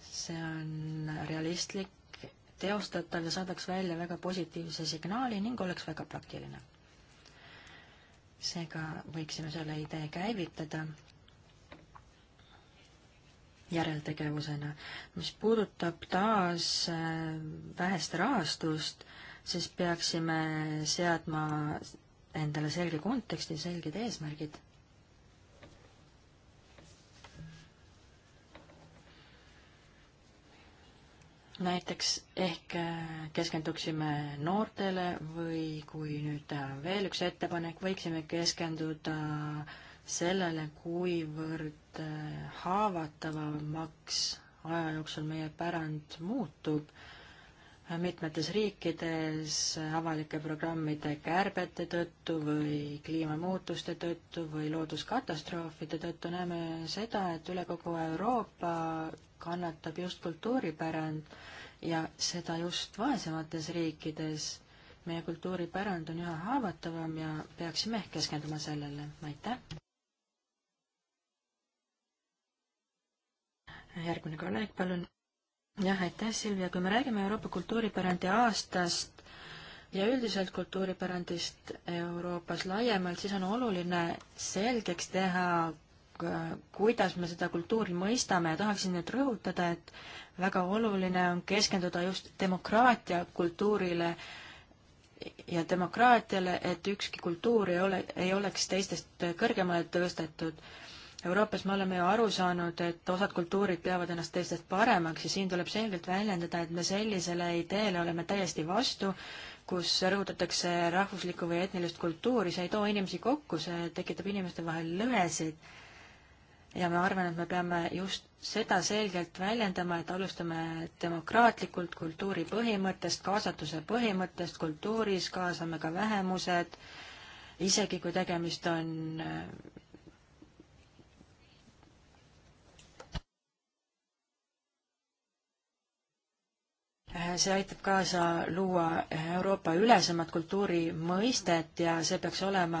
S3: see on realistlik teostatav ja saadaks välja väga positiivse signaali ning oleks väga praktiline. seega võiksime selle idee käivitada järeltegevusena. mis puudutab taas äh, vähest rahastust, siis peaksime seadma endale selge konteksti, selged eesmärgid näiteks ehk äh, keskenduksime noortele või kui nüüd teha veel üks ettepanek, võiksime keskenduda sellele, kuivõrd äh, haavatavamaks aja jooksul meie pärand muutub mitmetes riikides avalike programmide kärbete tõttu või kliimamuutuste tõttu või looduskatastroofide tõttu näeme seda, et üle kogu Euroopa kannatab just kultuuripärand ja seda just vaesemates riikides. meie kultuuripärand on üha haavatavam ja peaksime ehk keskenduma sellele. aitäh! järgmine kolleeg, palun jah, aitäh, Silvia, kui me räägime Euroopa kultuuripärandi aastast, ja üldiselt kultuuripärandist Euroopas laiemalt, siis on oluline selgeks teha, kuidas me seda kultuuri mõistame ja tahaksin nüüd rõhutada, et väga oluline on keskenduda just demokraatia kultuurile ja demokraatiale, et ükski kultuur ei ole, ei oleks teistest kõrgemale tõstetud Euroopas me oleme ju aru saanud, et osad kultuurid peavad ennast teistest paremaks ja siin tuleb selgelt väljendada, et me sellisele ideele oleme täiesti vastu, kus rõhutatakse rahvuslikku või etnilist kultuuri, see ei too inimesi kokku, see tekitab inimeste vahel lõhesid. ja ma arvan, et me peame just seda selgelt väljendama, et alustame demokraatlikult kultuuri põhimõttest, kaasatuse põhimõttest, kultuuris kaasame ka vähemused, isegi kui tegemist on Äh, see aitab kaasa luua äh, Euroopa ülesemat kultuurimõistet ja see peaks olema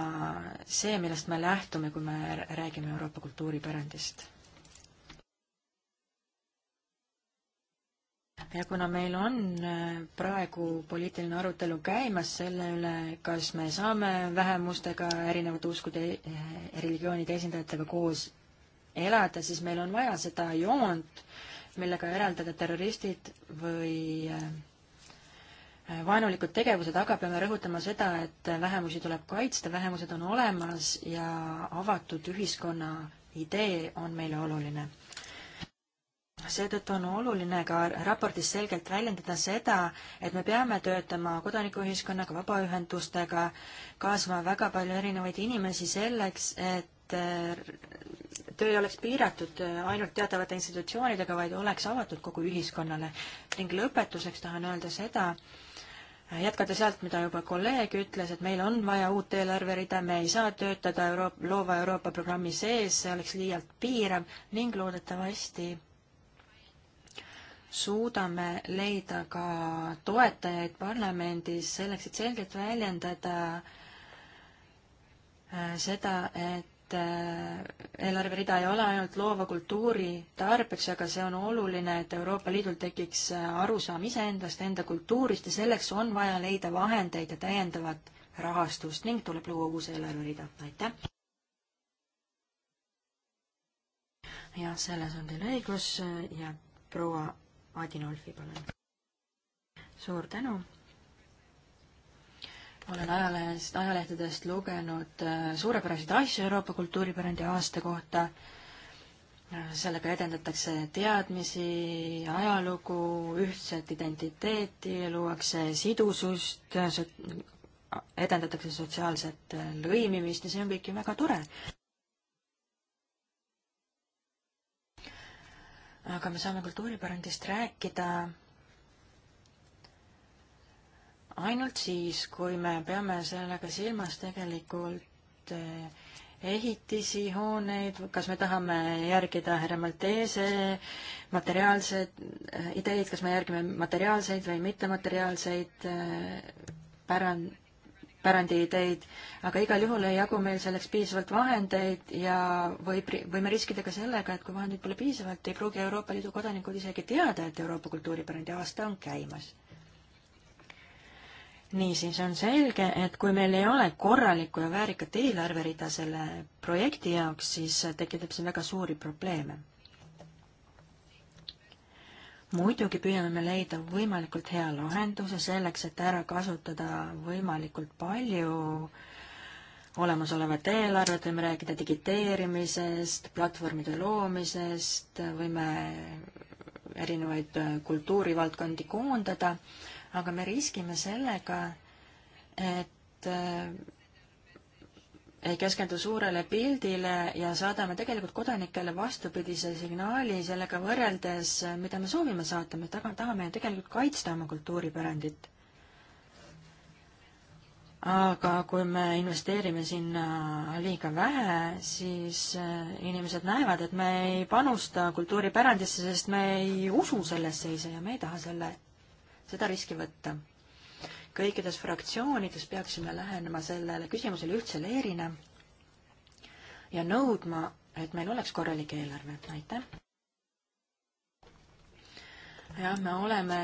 S3: see, millest me lähtume, kui me räägime Euroopa kultuuripärandist. ja kuna meil on äh, praegu poliitiline arutelu käimas selle üle, kas me saame vähemustega, erinevate uskude, religioonide esindajatega koos elada, siis meil on vaja seda joont, millega eraldada terroristid või äh, vaenulikud tegevused, aga peame rõhutama seda, et vähemusi tuleb kaitsta, vähemused on olemas ja avatud ühiskonna idee on meile oluline. seetõttu on oluline ka raportis selgelt väljendada seda, et me peame töötama kodanikuühiskonnaga, vabaühendustega, kaasama väga palju erinevaid inimesi selleks, et et äh, töö ei oleks piiratud äh, ainult teatavate institutsioonidega, vaid oleks avatud kogu ühiskonnale. ning lõpetuseks tahan öelda seda, äh, jätkata sealt, mida juba kolleeg ütles, et meil on vaja uut eelarverida, me ei saa töötada Euroop-, loova Euroopa programmi sees, see oleks liialt piirav ning loodetavasti suudame leida ka toetajaid parlamendis selleks, et selgelt väljendada seda, et et äh, eelarverida ei ole ainult loova kultuuri tarbeks, aga see on oluline, et Euroopa Liidul tekiks äh, arusaam iseendast, enda kultuurist ja selleks on vaja leida vahendeid ja täiendavat rahastust ning tuleb luua uus eelarverida. aitäh! jah, selles on teil õigus äh, ja proua Adinolfi, palun. suur tänu olen ajalehest, ajalehtedest lugenud äh, suurepäraseid asju Euroopa kultuuripärandi aasta kohta. Äh, sellega edendatakse teadmisi, ajalugu, ühtset identiteeti, luuakse sidusust, äh, edendatakse sotsiaalset lõimimist ja see on kõik ju väga tore. aga me saame kultuuripärandist rääkida ainult siis, kui me peame sellega silmas tegelikult eh, ehitisi, hooneid, kas me tahame järgida härra Maltese materiaalsed eh, ideid, kas me järgime materiaalseid või mittemateriaalseid eh, pärand, pärandiideid, aga igal juhul ei jagu meil selleks piisavalt vahendeid ja võib, võime riskida ka sellega, et kui vahendeid pole piisavalt, ei pruugi Euroopa Liidu kodanikud isegi teada, et Euroopa kultuuripärandi aasta on käimas niisiis on selge, et kui meil ei ole korralikku ja väärikat eelarverida selle projekti jaoks, siis tekitab see väga suuri probleeme. muidugi püüame me leida võimalikult hea lahenduse selleks, et ära kasutada võimalikult palju olemasolevat eelarvet, võime rääkida digiteerimisest, platvormide loomisest, võime erinevaid kultuurivaldkondi koondada aga me riskime sellega, et äh, ei keskendu suurele pildile ja saadame tegelikult kodanikele vastupidise signaali sellega võrreldes, mida me soovime saata, me taga, tahame ju tegelikult kaitsta oma kultuuripärandit. aga kui me investeerime sinna liiga vähe, siis äh, inimesed näevad, et me ei panusta kultuuripärandisse, sest me ei usu sellesse ise ja me ei taha selle seda riski võtta. kõikides fraktsioonides peaksime lähenema sellele küsimusele ühtse leerina ja nõudma, et meil oleks korralik eelarve, aitäh! jah, me oleme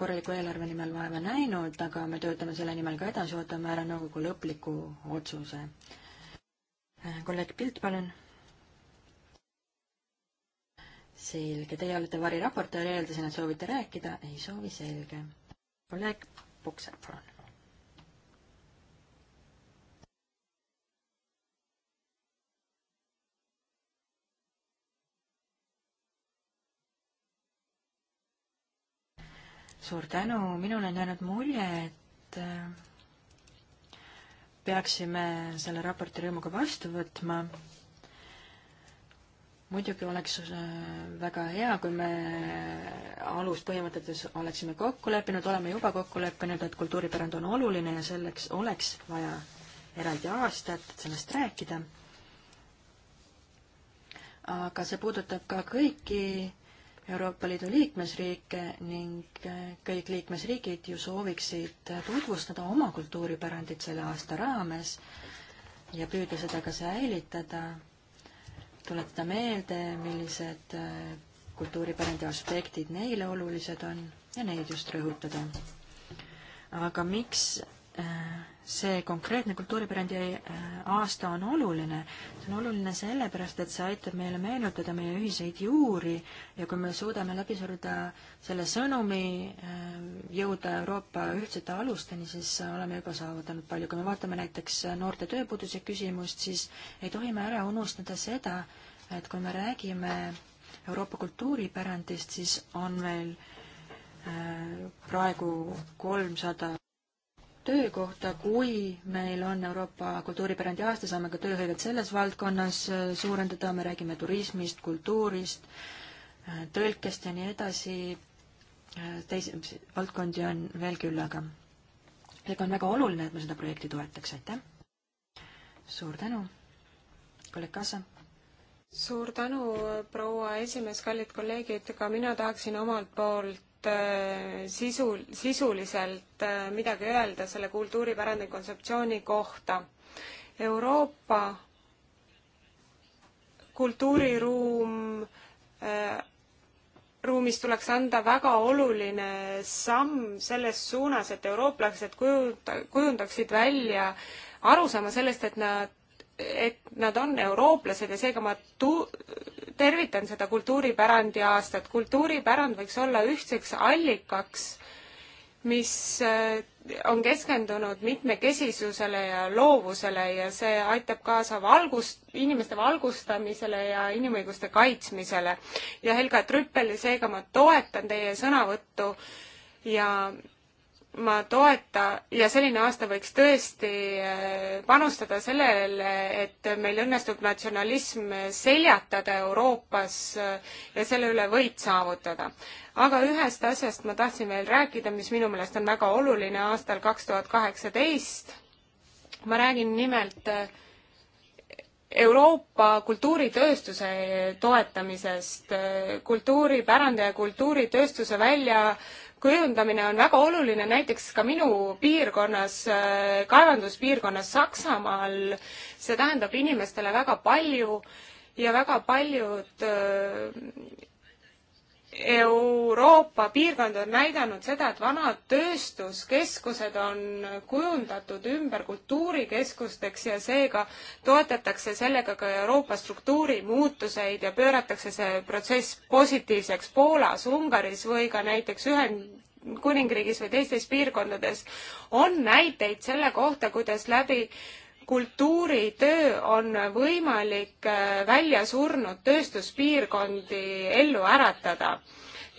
S3: korraliku eelarve nimel vaeva näinud, aga me töötame selle nimel ka edasi, ootame ära nõukogu lõpliku otsuse. kolleeg Pilt, palun selge, teie olete variraportöör, eeldasin, et soovite rääkida, ei soovi, selge. kolleeg Pukser, palun. suur tänu, minul on jäänud mulje, et äh, peaksime selle raporti rõõmuga vastu võtma muidugi oleks äh, väga hea, kui me aluspõhimõtetes oleksime kokku leppinud, oleme juba kokku leppinud, et kultuuripärand on oluline ja selleks oleks vaja eraldi aastat, et sellest rääkida. aga see puudutab ka kõiki Euroopa Liidu liikmesriike ning äh, kõik liikmesriigid ju sooviksid tutvustada oma kultuuripärandit selle aasta raames ja püüda seda ka säilitada tuletada meelde, millised äh, kultuuripärandi aspektid neile olulised on ja neid just rõhutada. aga miks Äh, see konkreetne kultuuripärandi äh, aasta on oluline. see on oluline sellepärast, et see aitab meile meenutada meie ühiseid juuri ja kui me suudame läbi suruda selle sõnumi, äh, jõuda Euroopa ühtsete alusteni, siis oleme juba saavutanud palju. kui me vaatame näiteks noorte tööpuuduse küsimust, siis ei tohi me ära unustada seda, et kui me räägime Euroopa kultuuripärandist, siis on meil praegu kolmsada töökohta, kui meil on Euroopa kultuuripärandi aasta, saame ka tööhõivet selles valdkonnas äh, suurendada, me räägime turismist, kultuurist, äh, tõlkest ja nii edasi, äh, teisi valdkondi on veel küllaga. seega on väga oluline, et me seda projekti toetaks, aitäh! suur tänu, kolleeg Kassa! suur
S1: tänu, proua esimees, kallid kolleegid, ka mina tahaksin omalt poolt tegelikult äh, sisul, sisuliselt äh, midagi öelda selle kultuuripärandi kontseptsiooni kohta. Euroopa kultuuriruum äh, ruumis tuleks anda väga oluline samm selles suunas, et eurooplased kujunda-, kujundaksid välja arusaama sellest, et nad, et nad on eurooplased ja seega ma tu-, tervitan seda kultuuripärandi aastat. kultuuripärand võiks olla ühtseks allikaks, mis äh, on keskendunud mitmekesisusele ja loovusele ja see aitab kaasa valgust, inimeste valgustamisele ja inimõiguste kaitsmisele. ja Helga Trüppeli, seega ma toetan teie sõnavõttu ja ma toeta ja selline aasta võiks tõesti äh, panustada sellele, et meil õnnestub natsionalism seljatada Euroopas äh, ja selle üle võit saavutada. aga ühest asjast ma tahtsin veel rääkida, mis minu meelest on väga oluline aastal kaks tuhat kaheksateist. ma räägin nimelt äh, Euroopa kultuuritööstuse toetamisest, kultuuripärandi ja kultuuritööstuse välja kujundamine on väga oluline, näiteks ka minu piirkonnas, äh, kaevanduspiirkonnas Saksamaal, see tähendab inimestele väga palju ja väga paljud äh, Euroopa piirkond on näidanud seda, et vanad tööstuskeskused on kujundatud ümber kultuurikeskusteks ja seega toetatakse sellega ka Euroopa struktuurimuutuseid ja pööratakse see protsess positiivseks Poolas, Ungaris või ka näiteks Ühend-, kuningriigis või teistes piirkondades on näiteid selle kohta, kuidas läbi kultuuritöö on võimalik äh, väljasurnud tööstuspiirkondi ellu äratada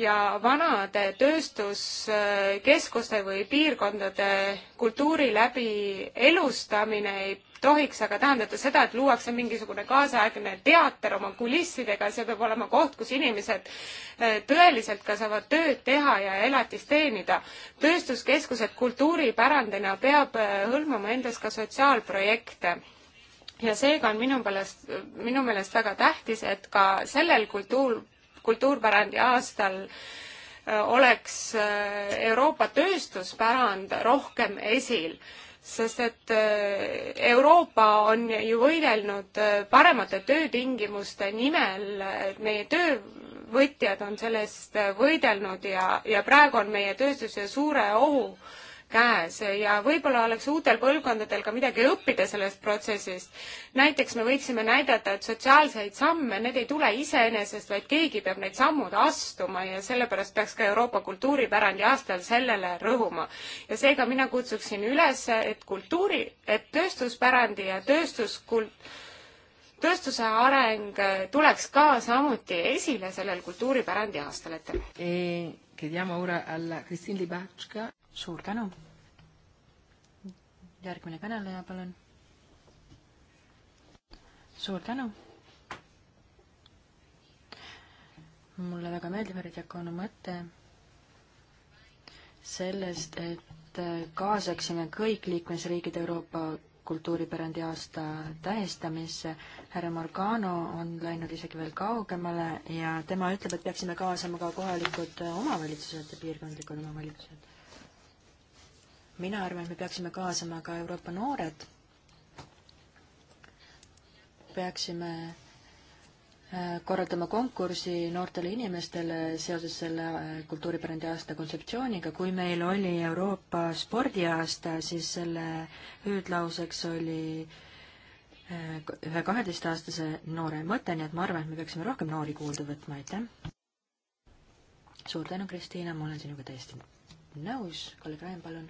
S1: ja vanade tööstuskeskuste või piirkondade kultuuri läbi elustamine ei tohiks aga tähendada seda, et luuakse mingisugune kaasaegne teater oma kulissidega, see peab olema koht, kus inimesed eh, tõeliselt ka saavad tööd teha ja elatist teenida. tööstuskeskused kultuuripärandina peab eh, hõlmama endas ka sotsiaalprojekte ja seega on minu meelest, minu meelest väga tähtis, et ka sellel kultuur, kultuurpärandi aastal äh, Äh, oleks äh, Euroopa tööstuspärand rohkem esil, sest et äh, Euroopa on ju võidelnud paremate töötingimuste nimel, meie töövõtjad on selle eest võidelnud ja, ja praegu on meie tööstus suure ohu äh, käes ja võib-olla oleks uutel põlvkondadel ka midagi õppida sellest protsessist. näiteks me võiksime näidata, et sotsiaalseid samme, need ei tule iseenesest, vaid keegi peab need sammud astuma ja sellepärast peaks ka Euroopa kultuuripärandi aastal sellele rõhuma. ja seega mina kutsuksin üles, et kultuuri, et tööstuspärandi ja tööstuskult-, tööstuse areng tuleks ka samuti esile sellel kultuuripärandi aastal ette. Eh, chiediamo ora alla
S3: Christine Libacca suur tänu. järgmine kõneleja, palun. suur tänu. mulle väga meeldib Harri Tšekonu mõte sellest, et kaasaksime kõik liikmesriigid Euroopa kultuuripärandi aasta tähistamisse. härra Morgano on läinud isegi veel kaugemale ja tema ütleb, et peaksime kaasama ka kohalikud omavalitsused ja piirkondlikud omavalitsused mina arvan, et me peaksime kaasama ka Euroopa noored. peaksime äh, korraldama konkursi noortele inimestele seoses selle äh, kultuuripärandi aasta kontseptsiooniga. kui meil oli Euroopa spordiaasta, siis selle hüüdlauseks oli äh, ühe kaheteistaastase noore mõte, nii et ma arvan, et me peaksime rohkem noori kuulda võtma, aitäh. suur tänu, Kristiina, ma olen sinuga täiesti nõus. kolleeg Rain, palun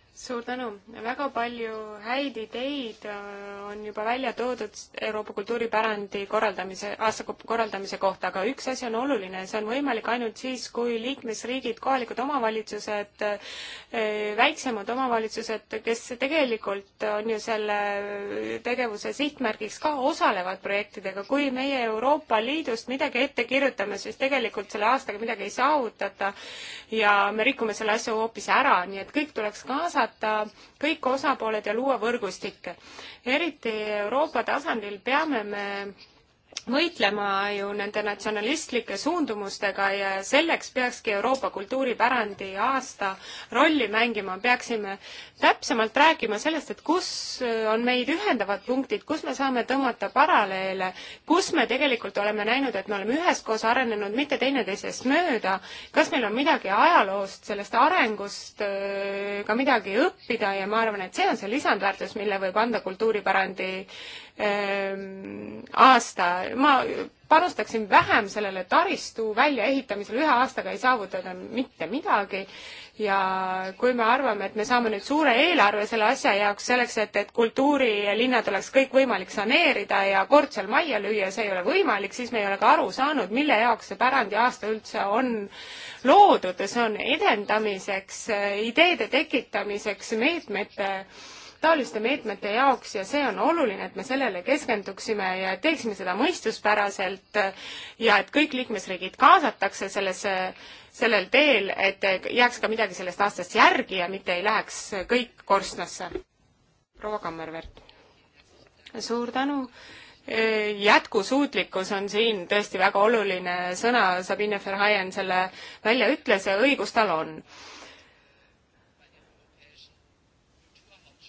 S1: suur tänu, väga palju häid ideid äh, on juba välja toodud Euroopa kultuuripärandi korraldamise, aasta korraldamise kohta, aga üks asi on oluline, see on võimalik ainult siis, kui liikmesriigid, kohalikud omavalitsused, äh, väiksemad omavalitsused, kes tegelikult on ju selle tegevuse sihtmärgiks ka, osalevad projektidega. kui meie Euroopa Liidust midagi ette kirjutame, siis tegelikult selle aastaga midagi ei saavutata ja me rikume selle asja hoopis ära, nii et kõik tuleks kaasa kaasata kõik osapooled ja luua võrgustikke. eriti Euroopa tasandil peame me võitlema ju nende natsionalistlike suundumustega ja selleks peakski Euroopa kultuuripärandi aasta rolli mängima. peaksime täpsemalt rääkima sellest, et kus on meid ühendavad punktid, kus me saame tõmmata paralleele, kus me tegelikult oleme näinud, et me oleme üheskoos arenenud, mitte teineteisest mööda. kas meil on midagi ajaloost, sellest arengust äh, ka midagi õppida ja ma arvan, et see on see lisandväärtus, mille võib anda kultuuripärandi Ehm, aasta, ma panustaksin vähem sellele taristu väljaehitamisele, ühe aastaga ei saavutada mitte midagi ja kui me arvame, et me saame nüüd suure eelarve selle asja jaoks, selleks et, et kultuurilinnad oleks kõik võimalik saneerida ja kord seal majja lüüa, see ei ole võimalik, siis me ei ole ka aru saanud, mille jaoks see pärandiaasta üldse on loodud ja see on edendamiseks, ideede tekitamiseks, meetmete taoliste meetmete jaoks ja see on oluline, et me sellele keskenduksime ja teeksime seda mõistuspäraselt ja et kõik liikmesriigid kaasatakse sellesse, sellel teel, et jääks ka midagi sellest aastast järgi ja mitte ei läheks kõik korstnasse. proua Kammervert. suur tänu e, jätkusuutlikkus on siin tõesti väga oluline sõna, Sabine Verhaien selle välja ütles ja õigus tal on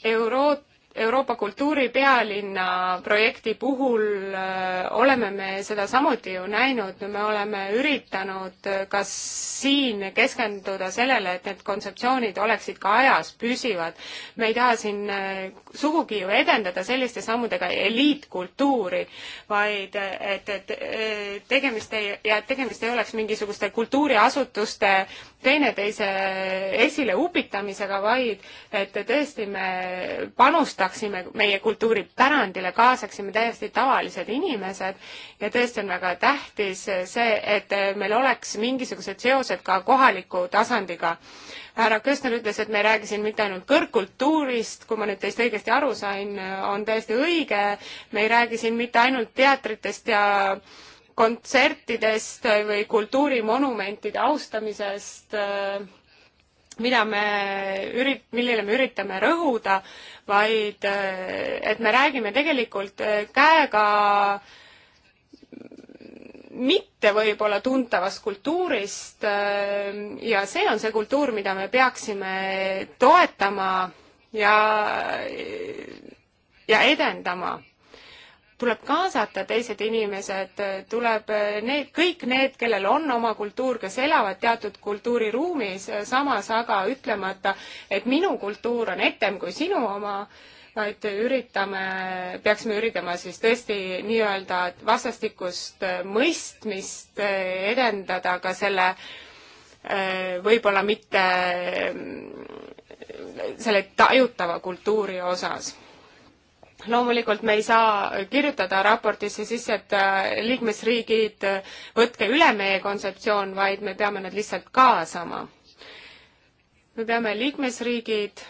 S1: Euroot-, Euroopa kultuuripealinna projekti puhul äh, oleme me seda samuti ju näinud, me oleme üritanud äh, ka siin keskenduda sellele, et need kontseptsioonid oleksid ka ajas püsivad. me ei taha siin äh, sugugi ju edendada selliste sammudega eliitkultuuri, vaid et, et tegemist ei, ja et tegemist ei oleks mingisuguste kultuuriasutuste teineteise esile upitamisega, vaid et tõesti me panustame vastaksime meie kultuuripärandile, kaasaksime täiesti tavalised inimesed ja tõesti on väga tähtis see, et meil oleks mingisugused seosed ka kohaliku tasandiga. härra Köstner ütles, et me ei räägi siin mitte ainult kõrgkultuurist, kui ma nüüd teist õigesti aru sain, on täiesti õige, me ei räägi siin mitte ainult teatritest ja kontsertidest või kultuurimonumentide austamisest äh, mida me ürit-, millele me üritame rõhuda, vaid äh, et me räägime tegelikult äh, käega mitte võib-olla tuntavast kultuurist äh, ja see on see kultuur, mida me peaksime toetama ja, ja edendama tuleb kaasata teised inimesed, tuleb need, kõik need, kellel on oma kultuur, kes elavad teatud kultuuriruumis, samas aga ütlemata, et minu kultuur on etem kui sinu oma, vaid üritame, peaksime üritama siis tõesti nii-öelda vastastikust mõistmist edendada ka selle võib-olla mitte selle tajutava kultuuri osas loomulikult me ei saa kirjutada raportisse sisse, et äh, liikmesriigid, äh, võtke üle meie kontseptsioon, vaid me peame nad lihtsalt kaasama. me peame liikmesriigid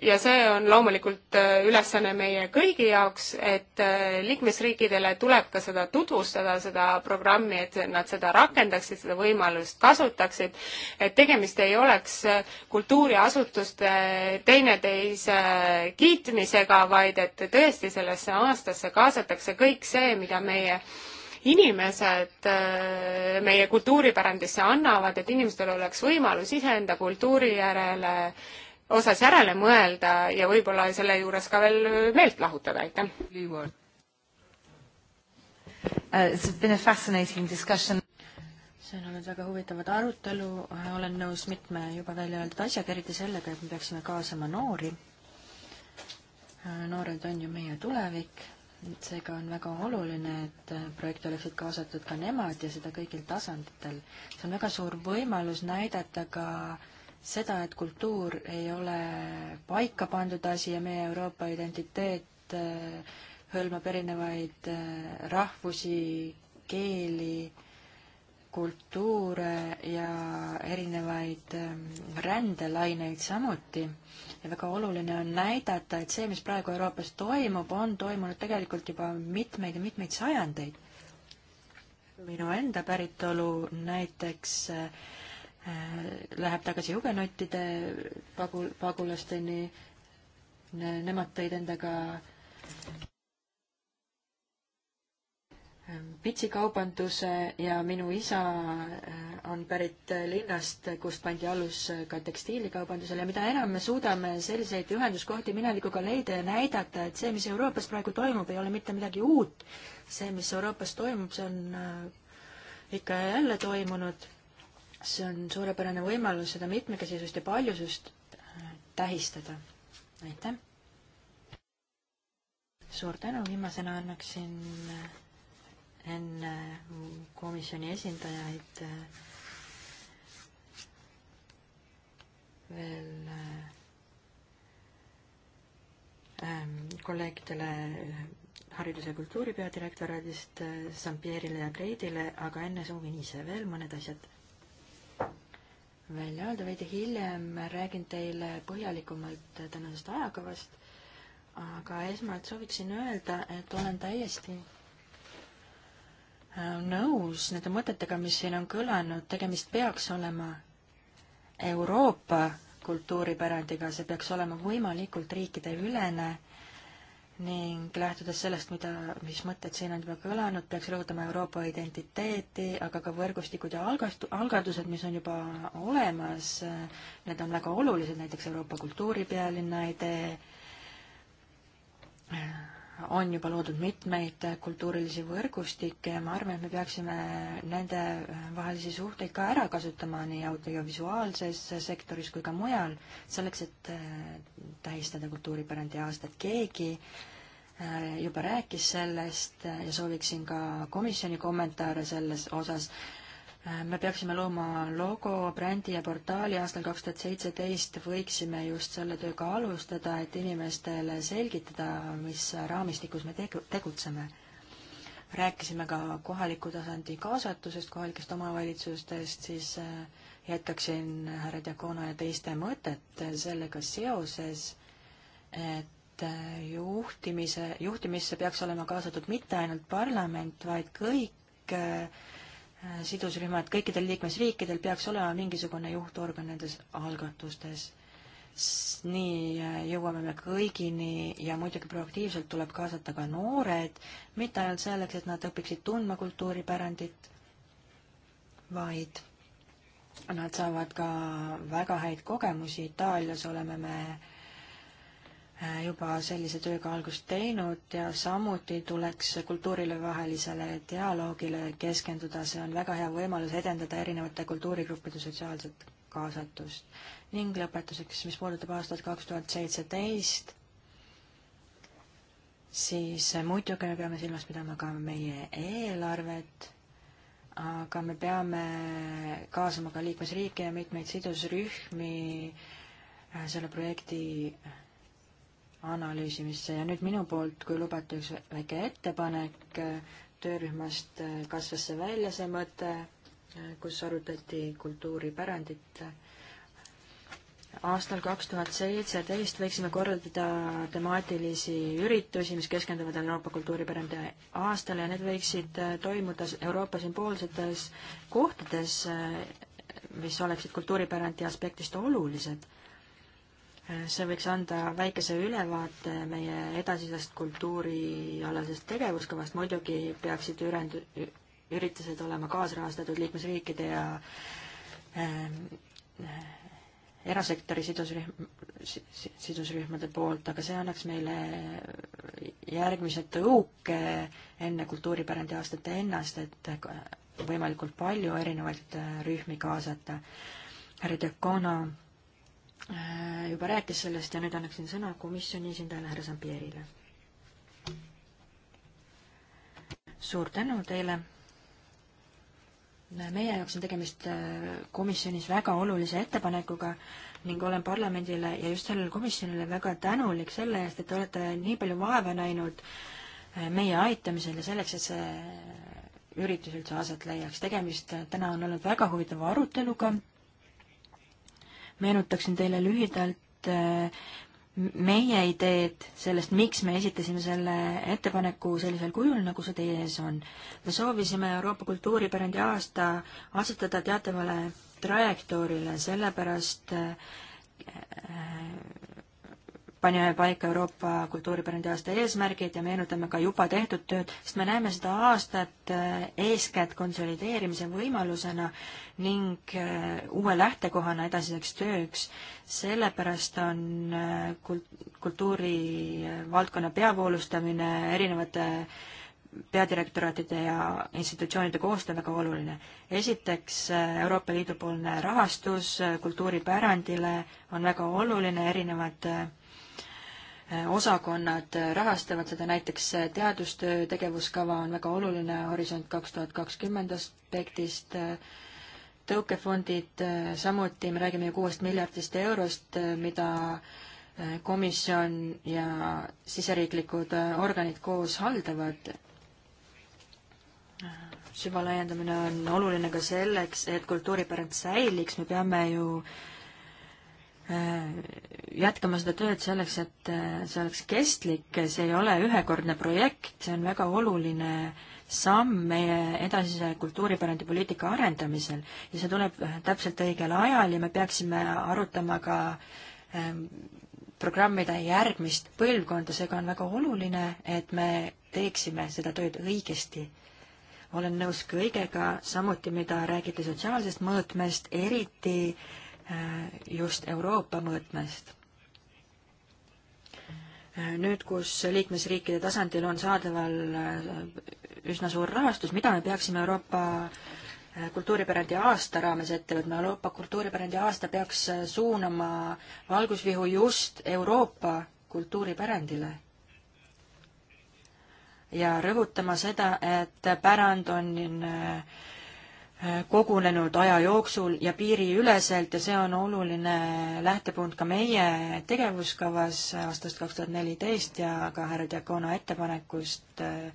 S1: ja see on loomulikult äh, ülesanne meie kõigi jaoks, et äh, liikmesriikidele tuleb ka seda tutvustada, seda programmi, et nad seda rakendaksid, seda võimalust kasutaksid, et tegemist ei oleks äh, kultuuriasutuste teineteise kiitmisega, vaid et tõesti sellesse aastasse kaasatakse kõik see, mida meie inimesed meie kultuuripärandisse annavad, et inimestel oleks võimalus iseenda kultuuri järele osas järele mõelda ja võib-olla selle juures ka veel meelt lahutada, aitäh!
S3: Uh, see on olnud väga huvitavat arutelu, olen nõus mitme juba välja öeldud asjaga, eriti sellega, et me peaksime kaasama noori. Uh, noored on ju meie tulevik, et seega on väga oluline, et uh, projekti oleksid kaasatud ka nemad ja seda kõigil tasanditel. see on väga suur võimalus näidata ka äh, seda, et kultuur ei ole paika pandud asi ja meie Euroopa identiteet äh, hõlmab erinevaid äh, rahvusi, keeli, kultuure ja erinevaid ähm, rändelaineid samuti. ja väga oluline on näidata, et see, mis praegu Euroopas toimub, on toimunud tegelikult juba mitmeid ja mitmeid sajandeid. minu enda päritolu näiteks äh, Äh, läheb tagasi hugenottide pagul-, pagulasteni ne,, nemad tõid endaga ähm, pitsikaubanduse ja minu isa äh, on pärit äh, linnast, kust pandi alus ka tekstiilikaubandusele ja mida enam me suudame selliseid ühenduskohti minevikuga leida ja näidata, et see, mis Euroopas praegu toimub, ei ole mitte midagi uut. see, mis Euroopas toimub, see on ikka ja jälle toimunud see on suurepärane võimalus seda mitmekesisust ja paljusust äh, tähistada. aitäh! suur tänu, viimasena annaksin äh, enne komisjoni esindajaid äh, veel ähm, kolleegidele Haridus- ja Kultuuri peadirektoraadist Sampierile ja Kreidile, aga enne soovin ise veel mõned asjad veel öelda, veidi hiljem räägin teile põhjalikumalt tänasest ajakavast, aga esmalt sooviksin öelda, et olen täiesti äh, nõus nende mõtetega, mis siin on kõlanud, tegemist peaks olema Euroopa kultuuripärandiga, see peaks olema võimalikult riikideülene ning lähtudes sellest, mida, mis mõtted siin on juba kõlanud, peaks rõhutama Euroopa identiteeti, aga ka võrgustikud ja algast-, algatused, mis on juba olemas, need on väga olulised, näiteks Euroopa kultuuripealinna idee, on juba loodud mitmeid kultuurilisi võrgustikke ja ma arvan, et me peaksime nende vahelisi suhteid ka ära kasutama nii audiovisuaalses sektoris kui ka mujal, selleks et äh, tähistada kultuuripärandi aastat. keegi äh, juba rääkis sellest ja sooviksin ka komisjoni kommentaare selles osas me peaksime looma logo, brändi ja portaali aastal kaks tuhat seitseteist, võiksime just selle tööga alustada, et inimestele selgitada, mis raamistikus me tegu-, tegutseme. rääkisime ka kohaliku tasandi kaasatusest, kohalikest omavalitsustest, siis äh, jätkaksin härra Diakona ja teiste mõtet sellega seoses, et äh, juhtimise, juhtimisse peaks olema kaasatud mitte ainult parlament, vaid kõik kõik äh, Äh, sidusrühmad kõikidel liikmesriikidel peaks olema mingisugune juhtorgan nendes algatustes. nii äh, jõuame me kõigini ja muidugi proaktiivselt tuleb kaasata ka noored, mitte ainult selleks, et nad õpiksid tundma kultuuripärandit, vaid nad saavad ka väga häid kogemusi, Itaalias oleme me Äh, juba sellise tööga algust teinud ja samuti tuleks kultuurivahelisele dialoogile keskenduda, see on väga hea võimalus edendada erinevate kultuurigruppide sotsiaalset kaasatust. ning lõpetuseks, mis puudutab aastat kaks tuhat seitseteist, siis muidugi me peame silmas pidama ka meie eelarvet, aga me peame kaasama ka liikmesriike ja mitmeid sidusrühmi äh, selle projekti analüüsimisse ja nüüd minu poolt, kui lubate, üks väike ettepanek töörühmast kasvas see välja, see mõte, kus arutati kultuuripärandit. aastal kaks tuhat seitseteist võiksime korraldada temaatilisi üritusi, mis keskenduvad Euroopa kultuuripärandi aastale ja need võiksid toimuda Euroopa sümboolsetes kohtades, mis oleksid kultuuripärandi aspektist olulised see võiks anda väikese ülevaate meie edasisest kultuurialasest tegevuskavast, muidugi peaksid ürend-, üritused olema kaasrahastatud liikmesriikide ja ähm, äh, erasektori sidusrühm, sidusrühmade poolt, aga see annaks meile järgmise tõuke enne kultuuripärandi aastate ennast, et võimalikult palju erinevaid äh, rühmi kaasata. härra Dekona Äh, juba rääkis sellest ja nüüd annaksin sõna komisjoni esindajale härra Zampierile. suur tänu teile. Äh, meie jaoks on tegemist äh, komisjonis väga olulise ettepanekuga ning olen parlamendile ja just sellele komisjonile väga tänulik selle eest, et te olete nii palju vaeva näinud meie aitamisel ja selleks, et see üritus üldse aset leiaks. tegemist täna on olnud väga huvitava aruteluga meenutaksin teile lühidalt äh, meie ideed sellest, miks me esitasime selle ettepaneku sellisel kujul, nagu see teie ees on. me soovisime Euroopa kultuuripärandi aasta asetada teatavale trajektoorile, sellepärast äh, panime paika Euroopa kultuuripärandi aasta eesmärgid ja meenutame ka juba tehtud tööd, sest me näeme seda aastat eh, eeskätt konsolideerimise võimalusena ning eh, uue lähtekohana edasiseks tööks. sellepärast on eh, kult-, kultuurivaldkonna peavoolustamine erinevate peadirektoraatide ja institutsioonide koostöö väga oluline. esiteks, Euroopa Liidu poolne rahastus kultuuripärandile on väga oluline, erinevad Äh, osakonnad äh, rahastavad seda, näiteks äh, teadustöö tegevuskava on väga oluline Horisont kaks tuhat kakskümmend aspektist, tõukefondid samuti, me räägime ju kuuest miljardist eurost, mida komisjon ja siseriiklikud organid koos haldavad. süvalaiendamine on oluline ka selleks, et kultuuripärand säiliks, me peame ju äh, Äh, jätkama seda tööd selleks, et äh, see oleks kestlik, see ei ole ühekordne projekt, see on väga oluline samm meie edasise kultuuripärandipoliitika arendamisel ja see tuleb äh, täpselt õigel ajal ja me peaksime arutama ka ähm, programmide järgmist põlvkonda, seega on väga oluline, et me teeksime seda tööd õigesti. olen nõus kõigega, samuti mida räägiti sotsiaalsest mõõtmest, eriti äh, Äh, just Euroopa mõõtmest. Äh, nüüd, kus liikmesriikide tasandil on saadaval äh, üsna suur rahastus, mida me peaksime Euroopa kultuuripärandi aasta raames ette võtma, Euroopa kultuuripärandi aasta peaks suunama valgusvihu just Euroopa kultuuripärandile ja rõhutama seda, et pärand on kogunenud aja jooksul ja piiriüleselt ja see on oluline lähtepunkt ka meie tegevuskavas aastast kaks tuhat neliteist ja ka härra Diakona ettepanekust äh,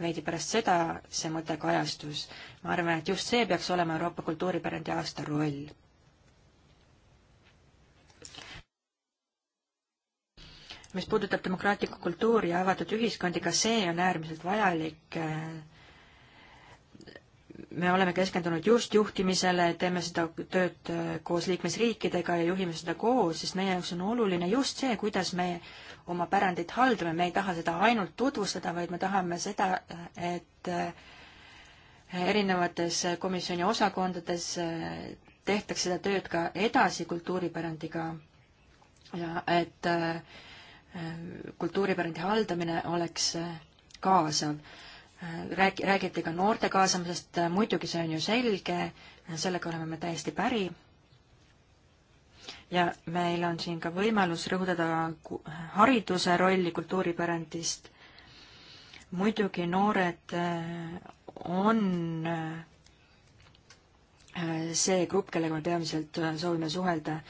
S3: veidi pärast seda see mõte kajastus. ma arvan, et just see peaks olema Euroopa kultuuripärandi aasta roll. mis puudutab demokraatlikku kultuuri ja avatud ühiskondi, ka see on äärmiselt vajalik äh, me oleme keskendunud just juhtimisele, teeme seda tööd äh, koos liikmesriikidega ja juhime seda koos, sest meie jaoks on oluline just see, kuidas me oma pärandit haldame, me ei taha seda ainult tutvustada, vaid me tahame seda, et äh, erinevates komisjoni osakondades äh, tehtaks seda tööd ka edasi kultuuripärandiga ja et kultuuripärandi haldamine oleks kaasav räägi, räägiti ka noorte kaasamisest, muidugi see on ju selge, sellega oleme me täiesti päri. ja meil on siin ka võimalus rõhutada hariduse rolli kultuuripärandist. muidugi noored äh, on äh, see grupp, kellega me peamiselt äh, soovime suhelda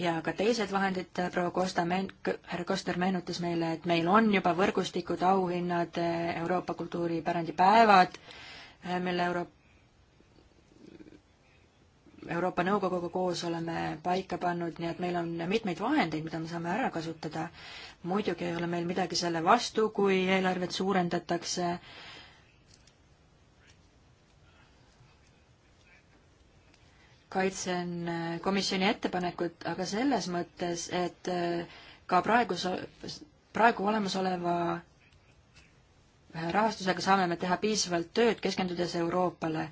S3: ja ka teised vahendid, äh, proua Kosta men-, härra Koster meenutas meile, et meil on juba võrgustikud, auhinnad, äh, Euroopa kultuuripärandi päevad, äh, mille Euro-, Euroopa Nõukoguga koos oleme paika pannud, nii et meil on mitmeid vahendeid, mida me saame ära kasutada. muidugi ei ole meil midagi selle vastu, kui eelarvet suurendatakse äh, kaitsen äh, komisjoni ettepanekut, aga selles mõttes, et äh, ka praegu, praegu olemasoleva äh, rahastusega saame me teha piisavalt tööd, keskendudes Euroopale.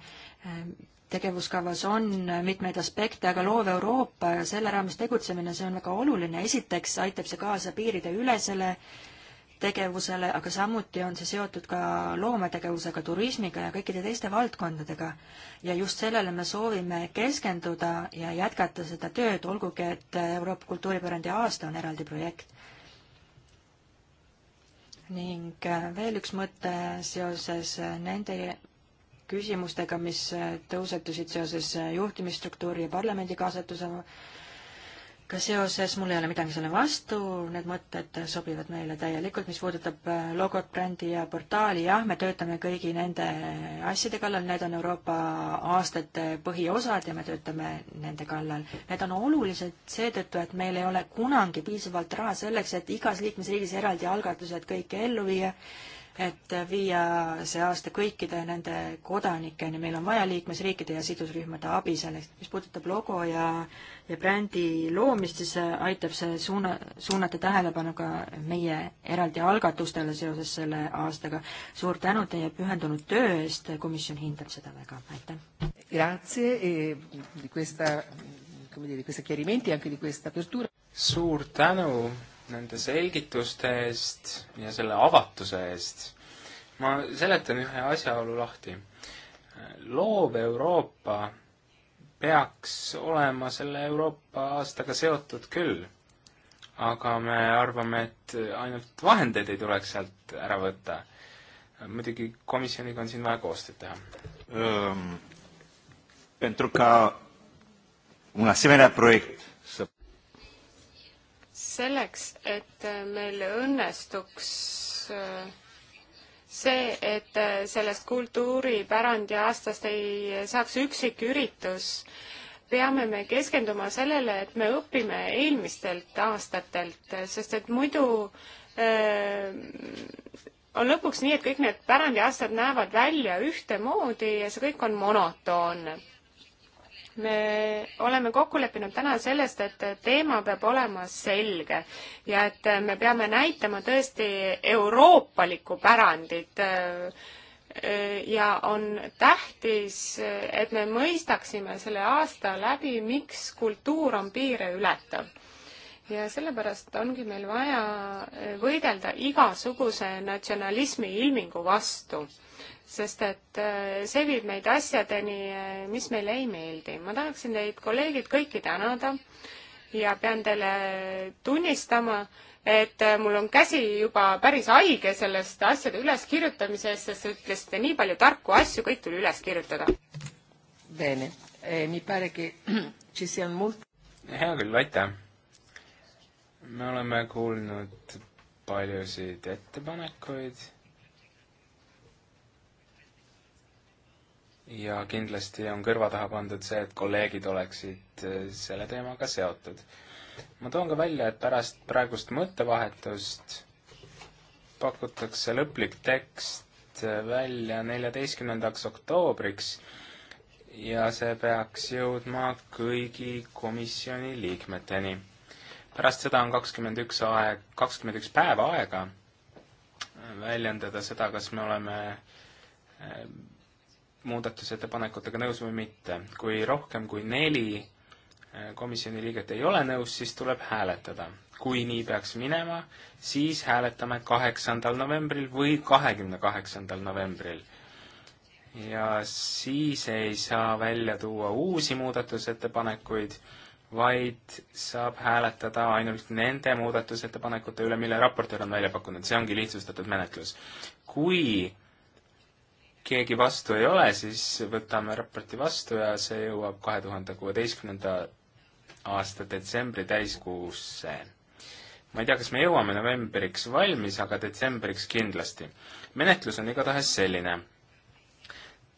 S3: Ähm, tegevuskavas on mitmeid aspekte, aga loov Euroopa ja selle raames tegutsemine, see on väga oluline. esiteks aitab see kaasa piiride ülesele äh, tegevusele, aga samuti on see seotud ka loometegevusega, turismiga ja kõikide teiste valdkondadega. ja just sellele me soovime keskenduda ja jätkata seda tööd, olgugi et Euroopa kultuuripärandi aasta on eraldi projekt. ning äh, veel üks mõte seoses äh, nende küsimustega, mis äh, tõusetusid seoses juhtimisstruktuuri ja parlamendi kaasatuse ka seoses, mul ei ole midagi selle vastu, need mõtted sobivad meile täielikult, mis puudutab äh, logot, brändi ja portaali, jah, me töötame kõigi nende asjade kallal, need on Euroopa aastate põhiosad ja me töötame nende kallal. Need on olulised seetõttu, et meil ei ole kunagi piisavalt raha selleks, et igas liikmesriigis eraldi algatused kõike ellu viia et viia see aasta kõikide nende kodanikeni, meil on vaja liikmesriikide ja sidusrühmade abi selleks. mis puudutab logo ja, ja brändi loomist, siis aitab see suuna, suunata tähelepanu ka meie eraldi algatustele seoses selle aastaga. suur tänu teie pühendunud töö eest, komisjon hindab seda väga, aitäh! Grazie e di questa, come
S2: dire, di questi chiarimenti e anche di questa apertura. suur tänu! nende selgituste eest ja selle avatuse eest. ma seletan ühe asjaolu lahti. loov Euroopa peaks olema selle Euroopa aastaga seotud küll, aga me arvame, et ainult vahendeid ei tuleks sealt ära võtta. muidugi komisjoniga on siin vaja koostööd teha um,. Pentru ca un asemenea proiect
S1: selleks, et meil õnnestuks see, et sellest kultuuripärandi aastast ei saaks üksik üritus, peame me keskenduma sellele, et me õpime eelmistelt aastatelt, sest et muidu öö, äh, on lõpuks nii, et kõik need pärandiaastad näevad välja ühtemoodi ja see kõik on monotoonne me oleme kokku leppinud täna sellest, et teema peab olema selge ja et me peame näitama tõesti euroopalikku pärandit. ja on tähtis, et me mõistaksime selle aasta läbi, miks kultuur on piire ületav ja sellepärast ongi meil vaja võidelda igasuguse natsionalismi ilmingu vastu sest et äh, see viib meid asjadeni, äh, mis meile ei meeldi. ma tahaksin teid, kolleegid, kõiki tänada ja pean teile tunnistama, et äh, mul on käsi juba päris haige sellest asjade üleskirjutamise eest, sest te ütlesite nii palju tarku asju, kõik tuli üles kirjutada.
S3: Bene eh,, mi pare che <clears throat> ci sia molto.
S2: hea küll, aitäh. me oleme kuulnud paljusid ettepanekuid ja kindlasti on kõrva taha pandud see, et kolleegid oleksid äh, selle teemaga seotud. ma toon ka välja, et pärast praegust mõttevahetust pakutakse lõplik tekst äh, välja neljateistkümnendaks oktoobriks ja see peaks jõudma kõigi komisjoni liikmeteni. pärast seda on kakskümmend üks aeg, kakskümmend üks päeva aega äh, väljendada seda, kas me oleme muudatusettepanekutega nõus või mitte. kui rohkem kui neli äh, komisjoni liiget ei ole nõus, siis tuleb hääletada. kui nii peaks minema, siis hääletame kaheksandal novembril või kahekümne kaheksandal novembril. ja siis ei saa välja tuua uusi muudatusettepanekuid, vaid saab hääletada ainult nende muudatusettepanekute üle, mille raportöör on välja pakkunud, see ongi lihtsustatud menetlus. kui keegi vastu ei ole, siis võtame raporti vastu ja see jõuab kahe tuhande kuueteistkümnenda aasta detsembri täiskuusse. ma ei tea, kas me jõuame novembriks valmis, aga detsembriks kindlasti. menetlus on igatahes selline.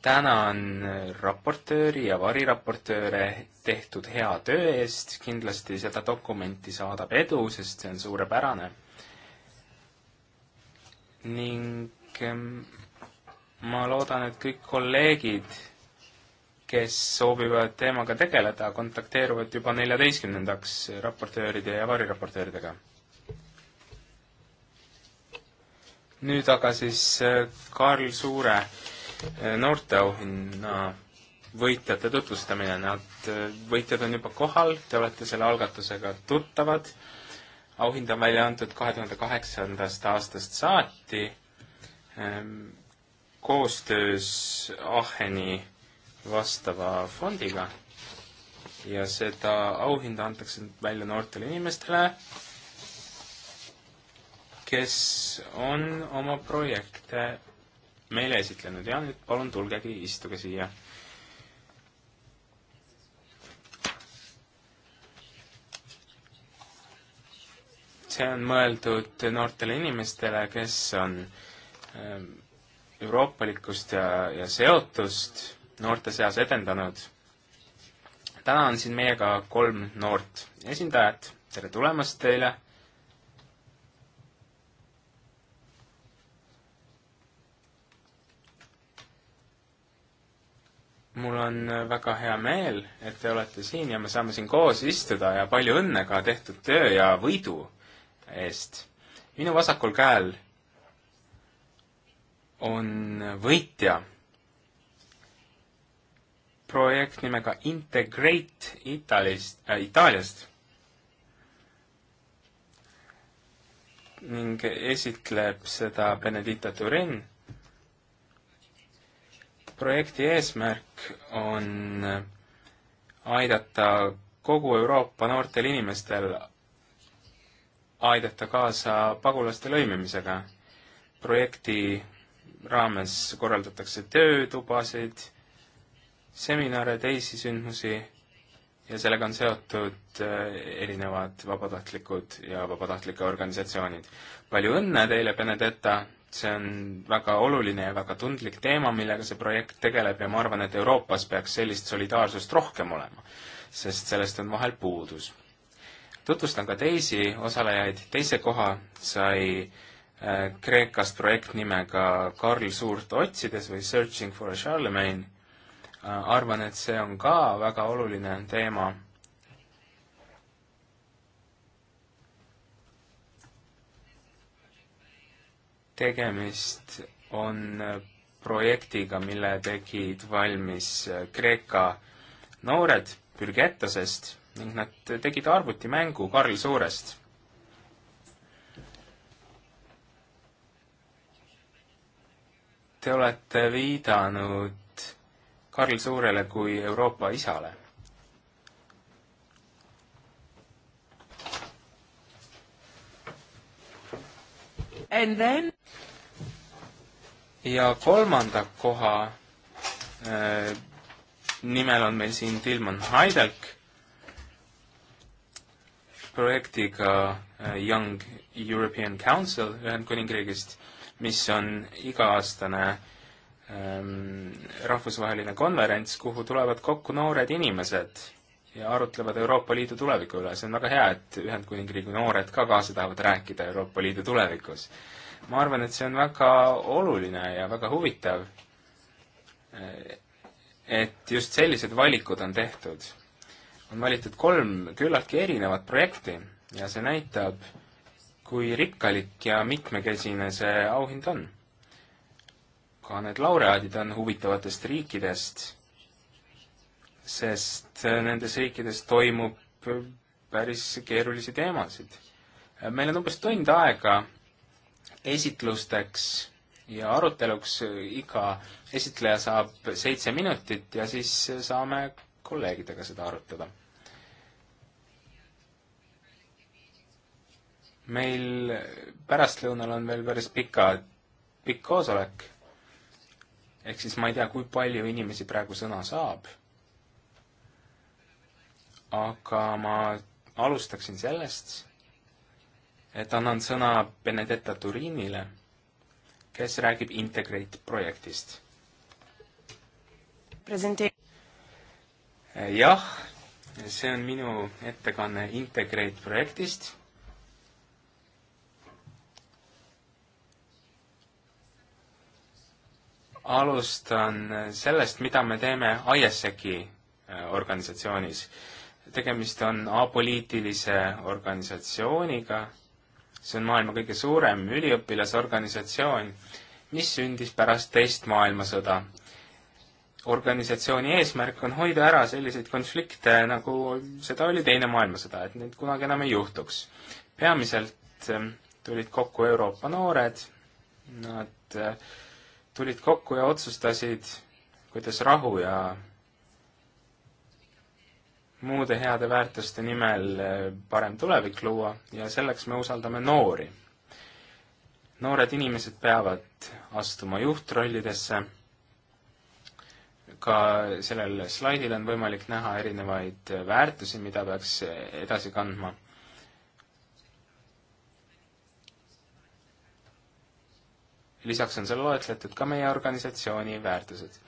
S2: tänan raportööri ja variraportööre tehtud hea töö eest, kindlasti seda dokumenti saadab edu, sest see on suurepärane. ning ehm, ma loodan, et kõik kolleegid, kes soovivad teemaga tegeleda, kontakteeruvad juba neljateistkümnendaks raportööride ja variraportööridega. nüüd aga siis äh, Karl Suure äh, noorteauhinna võitjate tutvustamine, nad, äh, võitjad on juba kohal, te olete selle algatusega tuttavad, auhind on välja antud kahe tuhande kaheksandast aastast saati ähm,, koostöös Aheni vastava fondiga ja seda auhinda antakse välja noortele inimestele, kes on oma projekte meile esitlenud ja nüüd palun tulgegi, istuge siia. see on mõeldud noortele inimestele, kes on ähm, euroopalikkust ja, ja seotust noorte seas edendanud. täna on siin meiega kolm noort esindajat, tere tulemast teile! mul on väga hea meel, et te olete siin ja me saame siin koos istuda ja palju õnne ka tehtud töö ja võidu eest. minu vasakul käel on võitja. projekt nimega Integrate Italist äh,, Itaaliast. ning esitleb seda Benedita Turin. projekti eesmärk on aidata kogu Euroopa noortel inimestel aidata kaasa pagulaste lõimimisega. projekti raames korraldatakse töötubasid, seminare, teisi sündmusi ja sellega on seotud äh, erinevad vabatahtlikud ja vabatahtlike organisatsioonid. palju õnne teile, Benedetta, see on väga oluline ja väga tundlik teema, millega see projekt tegeleb ja ma arvan, et Euroopas peaks sellist solidaarsust rohkem olema, sest sellest on vahel puudus. tutvustan ka teisi osalejaid, teise koha sai Äh, Kreekast projekt nimega Karl Suurt otsides või Searching for a Charlemagne. Äh, arvan, et see on ka väga oluline teema. tegemist on äh, projektiga, mille tegid valmis Kreeka noored Pürgettasest ning nad tegid arvutimängu Karl Suurest Te olete viidanud Karl Suurele kui Euroopa isale. And then? ja kolmanda koha äh, nimel on meil siin Tilman Heidelk projektiga äh, Young European Council Ühendkuningriigist äh, mis on iga-aastane ähm, rahvusvaheline konverents, kuhu tulevad kokku noored inimesed ja arutlevad Euroopa Liidu tuleviku üle. see on väga hea, et Ühendkuningriigi noored ka kaasa tahavad rääkida Euroopa Liidu tulevikus. ma arvan, et see on väga oluline ja väga huvitav, et just sellised valikud on tehtud. on valitud kolm küllaltki erinevat projekti ja see näitab, kui rikkalik ja mitmekesine see auhind on. ka need laureaadid on huvitavatest riikidest, sest nendes riikides toimub päris keerulisi teemasid. meil on umbes tund aega esitlusteks ja aruteluks, iga esitleja saab seitse minutit ja siis saame kolleegidega seda arutada meil pärastlõunal on veel päris pika, pikk koosolek. ehk siis ma ei tea, kui palju inimesi praegu sõna saab. aga ma alustaksin sellest, et annan sõna Benedetta Turinile, kes räägib Integrate projektist. Eh, jah, see on minu ettekanne Integrate projektist alustan sellest, mida me teeme ISEC-i äh, organisatsioonis. tegemist on apoliitilise organisatsiooniga, see on maailma kõige suurem üliõpilasorganisatsioon, mis sündis pärast teist maailmasõda. organisatsiooni eesmärk on hoida ära selliseid konflikte, nagu seda oli Teine maailmasõda, et neid kunagi enam ei juhtuks. peamiselt äh, tulid kokku Euroopa noored, nad äh, tulid kokku ja otsustasid, kuidas rahu ja muude heade väärtuste nimel eh, parem tulevik luua ja selleks me usaldame noori. noored inimesed peavad astuma juhtrollidesse, ka sellel slaidil on võimalik näha erinevaid väärtusi, mida peaks edasi kandma lisaks on seal loetletud ka meie organisatsiooni väärtused.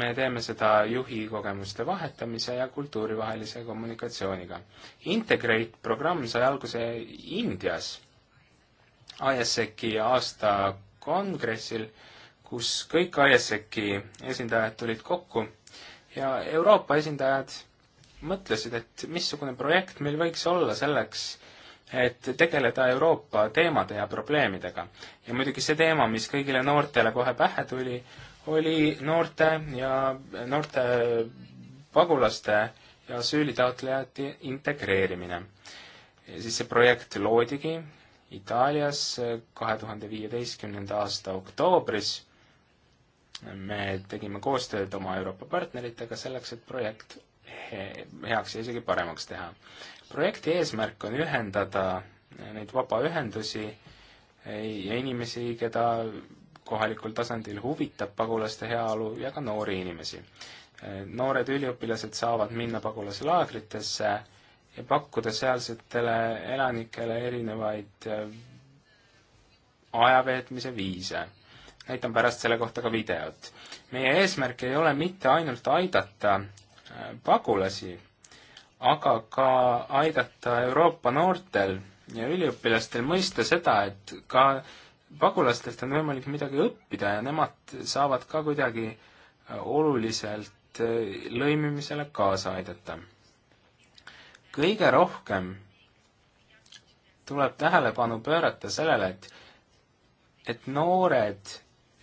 S2: me teeme seda juhi kogemuste vahetamise ja kultuurivahelise kommunikatsiooniga. Integrate programm sai alguse Indias ISEC-i aastakongressil, kus kõik ISEC-i esindajad tulid kokku ja Euroopa esindajad mõtlesid, et missugune projekt meil võiks olla selleks, et tegeleda Euroopa teemade ja probleemidega. ja muidugi see teema, mis kõigile noortele kohe pähe tuli, oli noorte ja noorte pagulaste ja asüülitaotlejate integreerimine. ja siis see projekt loodigi Itaalias kahe tuhande viieteistkümnenda aasta oktoobris. me tegime koostööd oma Euroopa partneritega selleks, et projekt heaks ja isegi paremaks teha. projekti eesmärk on ühendada neid vabaühendusi ja inimesi, keda kohalikul tasandil huvitab pagulaste heaolu ja ka noori inimesi. noored üliõpilased saavad minna pagulaslaagritesse ja pakkuda sealsetele elanikele erinevaid ajaveetmise viise. näitan pärast selle kohta ka videot. meie eesmärk ei ole mitte ainult aidata pagulasi, aga ka aidata Euroopa noortel ja üliõpilastel mõista seda, et ka pagulastelt on võimalik midagi õppida ja nemad saavad ka kuidagi oluliselt äh, lõimimisele kaasa aidata. kõige rohkem tuleb tähelepanu pöörata sellele, et, et noored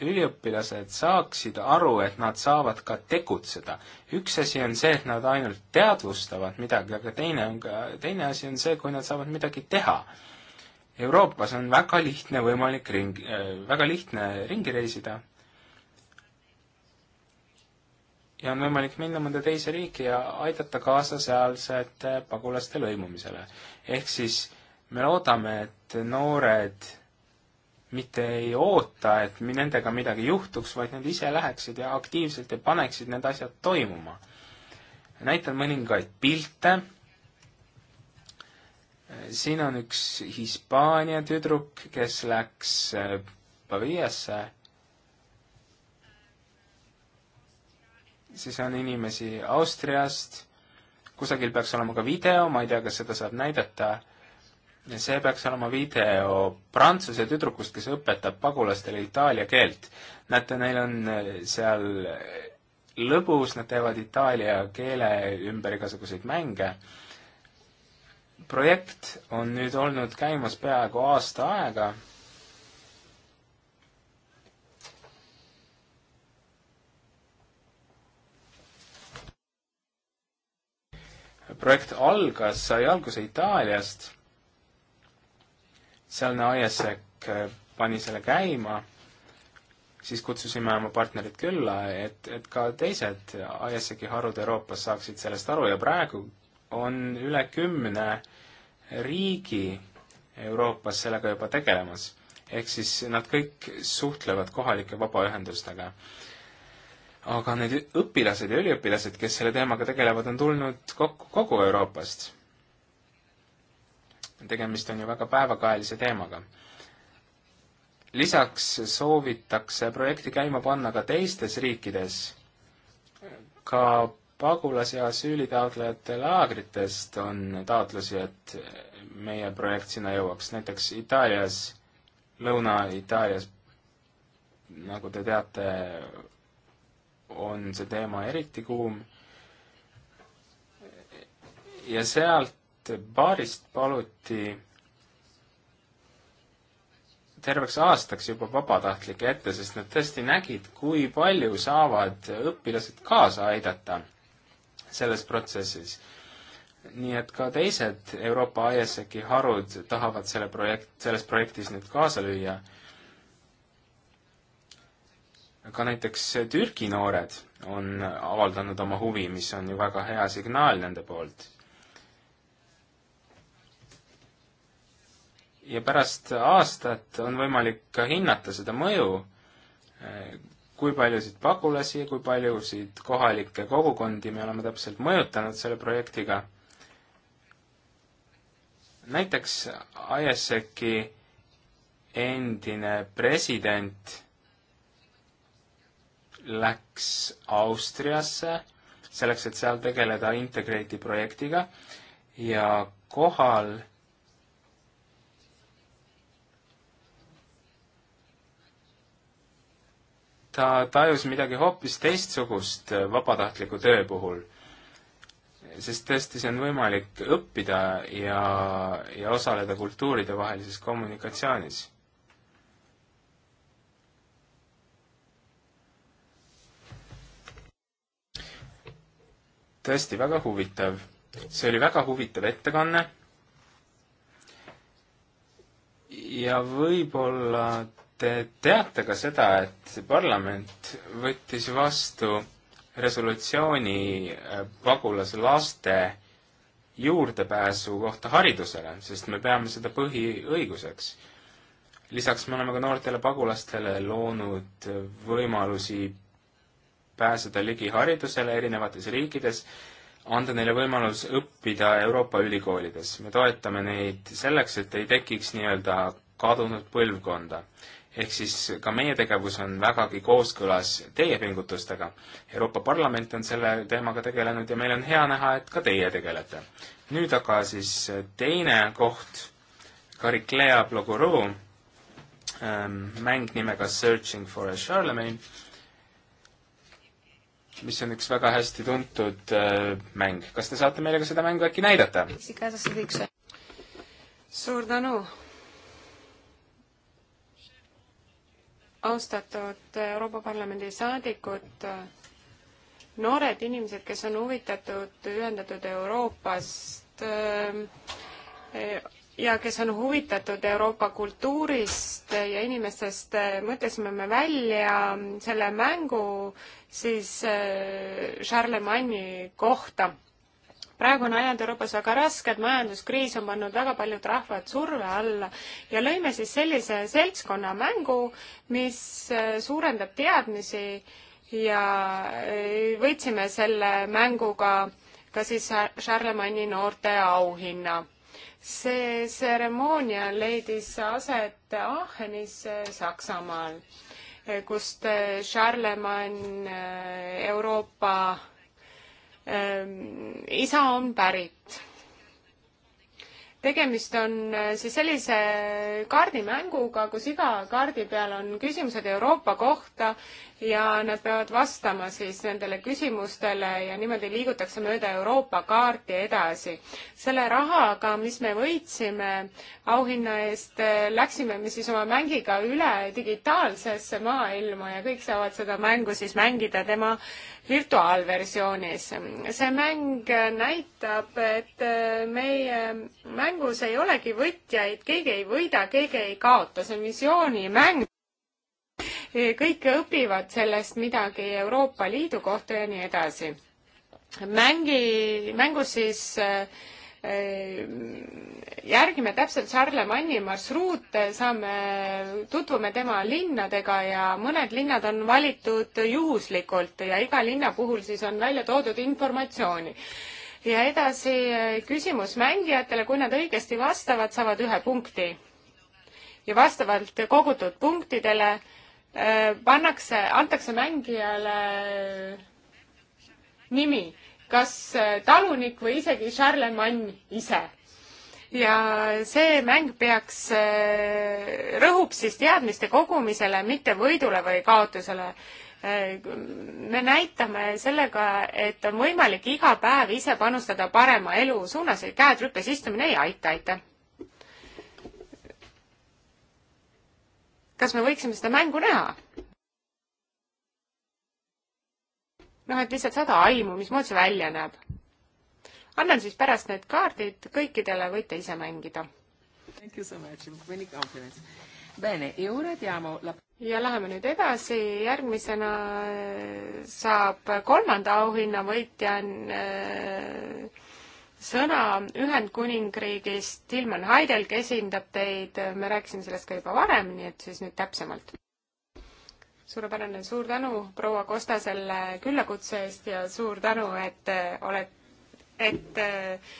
S2: üliõpilased saaksid aru, et nad saavad ka tegutseda. üks asi on see, et nad ainult teadvustavad midagi, aga teine on ka, teine asi on see, kui nad saavad midagi teha. Euroopas on väga lihtne võimalik ring, äh, väga lihtne ringi reisida. ja on võimalik minna mõnda teise riiki ja aidata kaasa sealsete pagulaste lõimumisele. ehk siis me loodame, et noored mitte ei oota, et nendega midagi juhtuks, vaid nad ise läheksid ja aktiivselt ja paneksid need asjad toimuma. näitan mõningaid pilte. siin on üks Hispaania tüdruk, kes läks äh, Paviasse. siis on inimesi Austriast, kusagil peaks olema ka video, ma ei tea, kas seda saab näidata see peaks olema video prantsuse tüdrukust, kes õpetab pagulastele itaalia keelt. näete, neil on eh, seal lõbus, nad teevad itaalia keele ümber igasuguseid mänge. projekt on nüüd olnud käimas peaaegu aasta aega. projekt algas, sai alguse Itaaliast sealne ISEC äh, pani selle käima, siis kutsusime oma partnerid külla, et, et ka teised ISEC-i harud Euroopas saaksid sellest aru ja praegu on üle kümne riigi Euroopas sellega juba tegelemas. ehk siis nad kõik suhtlevad kohalike vabaühendustega aga need õpilased ja üliõpilased, kes selle teemaga tegelevad, on tulnud kokku kogu Euroopast tegemist on ju väga päevakajalise teemaga. lisaks soovitakse projekti käima panna ka teistes riikides, ka pagulas- ja asüülitaotlejate laagritest on taotlusi, et meie projekt sinna jõuaks, näiteks Itaalias, Lõuna-Itaalias, nagu te teate, on see teema eriti kuum ja sealt et baarist paluti terveks aastaks juba vabatahtlikke ette, sest nad tõesti nägid, kui palju saavad õpilased kaasa aidata selles protsessis. nii et ka teised Euroopa ISEC-i harud tahavad selle projekt, selles projektis nüüd kaasa lüüa. ka näiteks Türgi noored on avaldanud oma huvi, mis on ju väga hea signaal nende poolt ja pärast aastat on võimalik ka hinnata seda mõju, kui paljusid pagulasi, kui paljusid kohalikke kogukondi me oleme täpselt mõjutanud selle projektiga. näiteks ISEC-i endine president läks Austriasse selleks, et seal tegeleda Integrati projektiga ja kohal ta tajus midagi hoopis teistsugust äh, vabatahtliku töö puhul. sest tõesti, see on võimalik õppida ja, ja osaleda kultuuridevahelises kommunikatsioonis tõesti väga huvitav. see oli väga huvitav ettekanne. ja võib-olla Te teate ka seda, et parlament võttis vastu resolutsiooni äh, pagulaslaste juurdepääsu kohta haridusele, sest me peame seda põhiõiguseks. lisaks me oleme ka noortele pagulastele loonud võimalusi pääseda ligi haridusele erinevates riikides, anda neile võimalus õppida Euroopa ülikoolides. me toetame neid selleks, et ei tekiks nii-öelda kadunud põlvkonda ehk siis ka meie tegevus on vägagi kooskõlas teie pingutustega. Euroopa Parlament on selle teemaga tegelenud ja meil on hea näha, et ka teie tegelete. nüüd aga siis teine koht, Cariclea Blogoroo, ähm, mäng nimega Searching for a Charlemagne, mis on üks väga hästi tuntud äh, mäng. kas te saate meile ka seda mängu äkki näidata?
S1: suur tänu austatud Euroopa Parlamendi saadikud, noored inimesed, kes on huvitatud Ühendatud Euroopast ähm, ja kes on huvitatud Euroopa kultuurist ja inimestest, äh, mõtlesime me välja selle mängu siis äh, Charlemagne'i kohta praegu on ajad Euroopas väga rasked, majanduskriis on pannud väga paljud rahvad surve alla ja lõime siis sellise seltskonna mängu, mis äh, suurendab teadmisi ja äh, võitsime selle mänguga ka siis Charlemagne'i noorte auhinna. see tseremoonia leidis aset Aachenis äh, Saksamaal, kust Charlemagne Euroopa Ehm, isa on pärit. tegemist on eh, siis sellise kaardimänguga, kus iga kaardi peal on küsimused Euroopa kohta ja nad peavad vastama siis nendele küsimustele ja niimoodi liigutakse mööda Euroopa kaarti edasi. selle rahaga, mis me võitsime auhinna eest, eh, läksime me siis oma mängiga üle digitaalsesse maailma ja kõik saavad seda mängu siis mängida tema äh, virtuaalversioonis. see mäng näitab, et äh, meie mängus ei olegi võtjaid, keegi ei võida, keegi ei kaota, see on visioonimäng. kõik õpivad sellest midagi Euroopa Liidu kohta ja nii edasi. mängi, mängus siis äh, Ehm, järgime täpselt Charlemagne'i marsruute, saame, tutvume tema linnadega ja mõned linnad on valitud juhuslikult ja iga linna puhul siis on välja toodud informatsiooni. ja edasi eh, küsimus mängijatele, kui nad õigesti vastavad, saavad ühe punkti. ja vastavalt kogutud punktidele eh, pannakse, antakse mängijale nimi kas äh, talunik või isegi Charlemagne ise. ja see mäng peaks, äh, rõhub siis teadmiste kogumisele, mitte võidule või kaotusele äh, me näitame sellega, et on võimalik iga päev ise panustada parema elu suunas, et käed rüpes istumine ei aita, aitäh. kas me võiksime seda mängu näha? noh, et lihtsalt saada aimu, mismoodi see välja näeb. annan siis pärast need kaardid kõikidele, võite ise mängida. E ja läheme nüüd edasi, järgmisena äh, saab kolmanda auhinna võitja on äh, sõna Ühendkuningriigist, Tilman Heidel, kes esindab teid, me rääkisime sellest ka juba varem, nii et siis nüüd täpsemalt suurepärane, suur tänu proua Kosta selle küllakutse eest ja suur tänu, et äh, oled, et äh,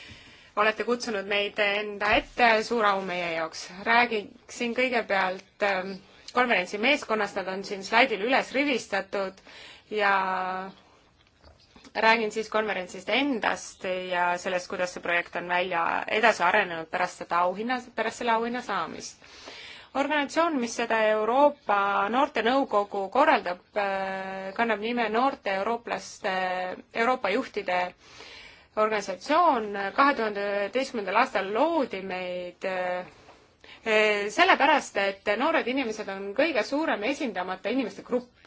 S1: olete kutsunud meid enda ette, suur au meie jaoks. räägiksin kõigepealt ähm, konverentsi meeskonnast, nad on siin slaidil üles rivistatud ja räägin siis konverentsist endast ja sellest, kuidas see projekt on välja edasi arenenud pärast seda auhinna, pärast selle auhinna saamist organisatsioon, mis seda Euroopa Noortenõukogu korraldab, äh, kannab nime Noorte Eurooplaste, Euroopa Juhtide organisatsioon. kahe tuhande üheteistkümnendal aastal loodi meid äh, äh, sellepärast, et noored inimesed on kõige suurem esindamata inimeste grupp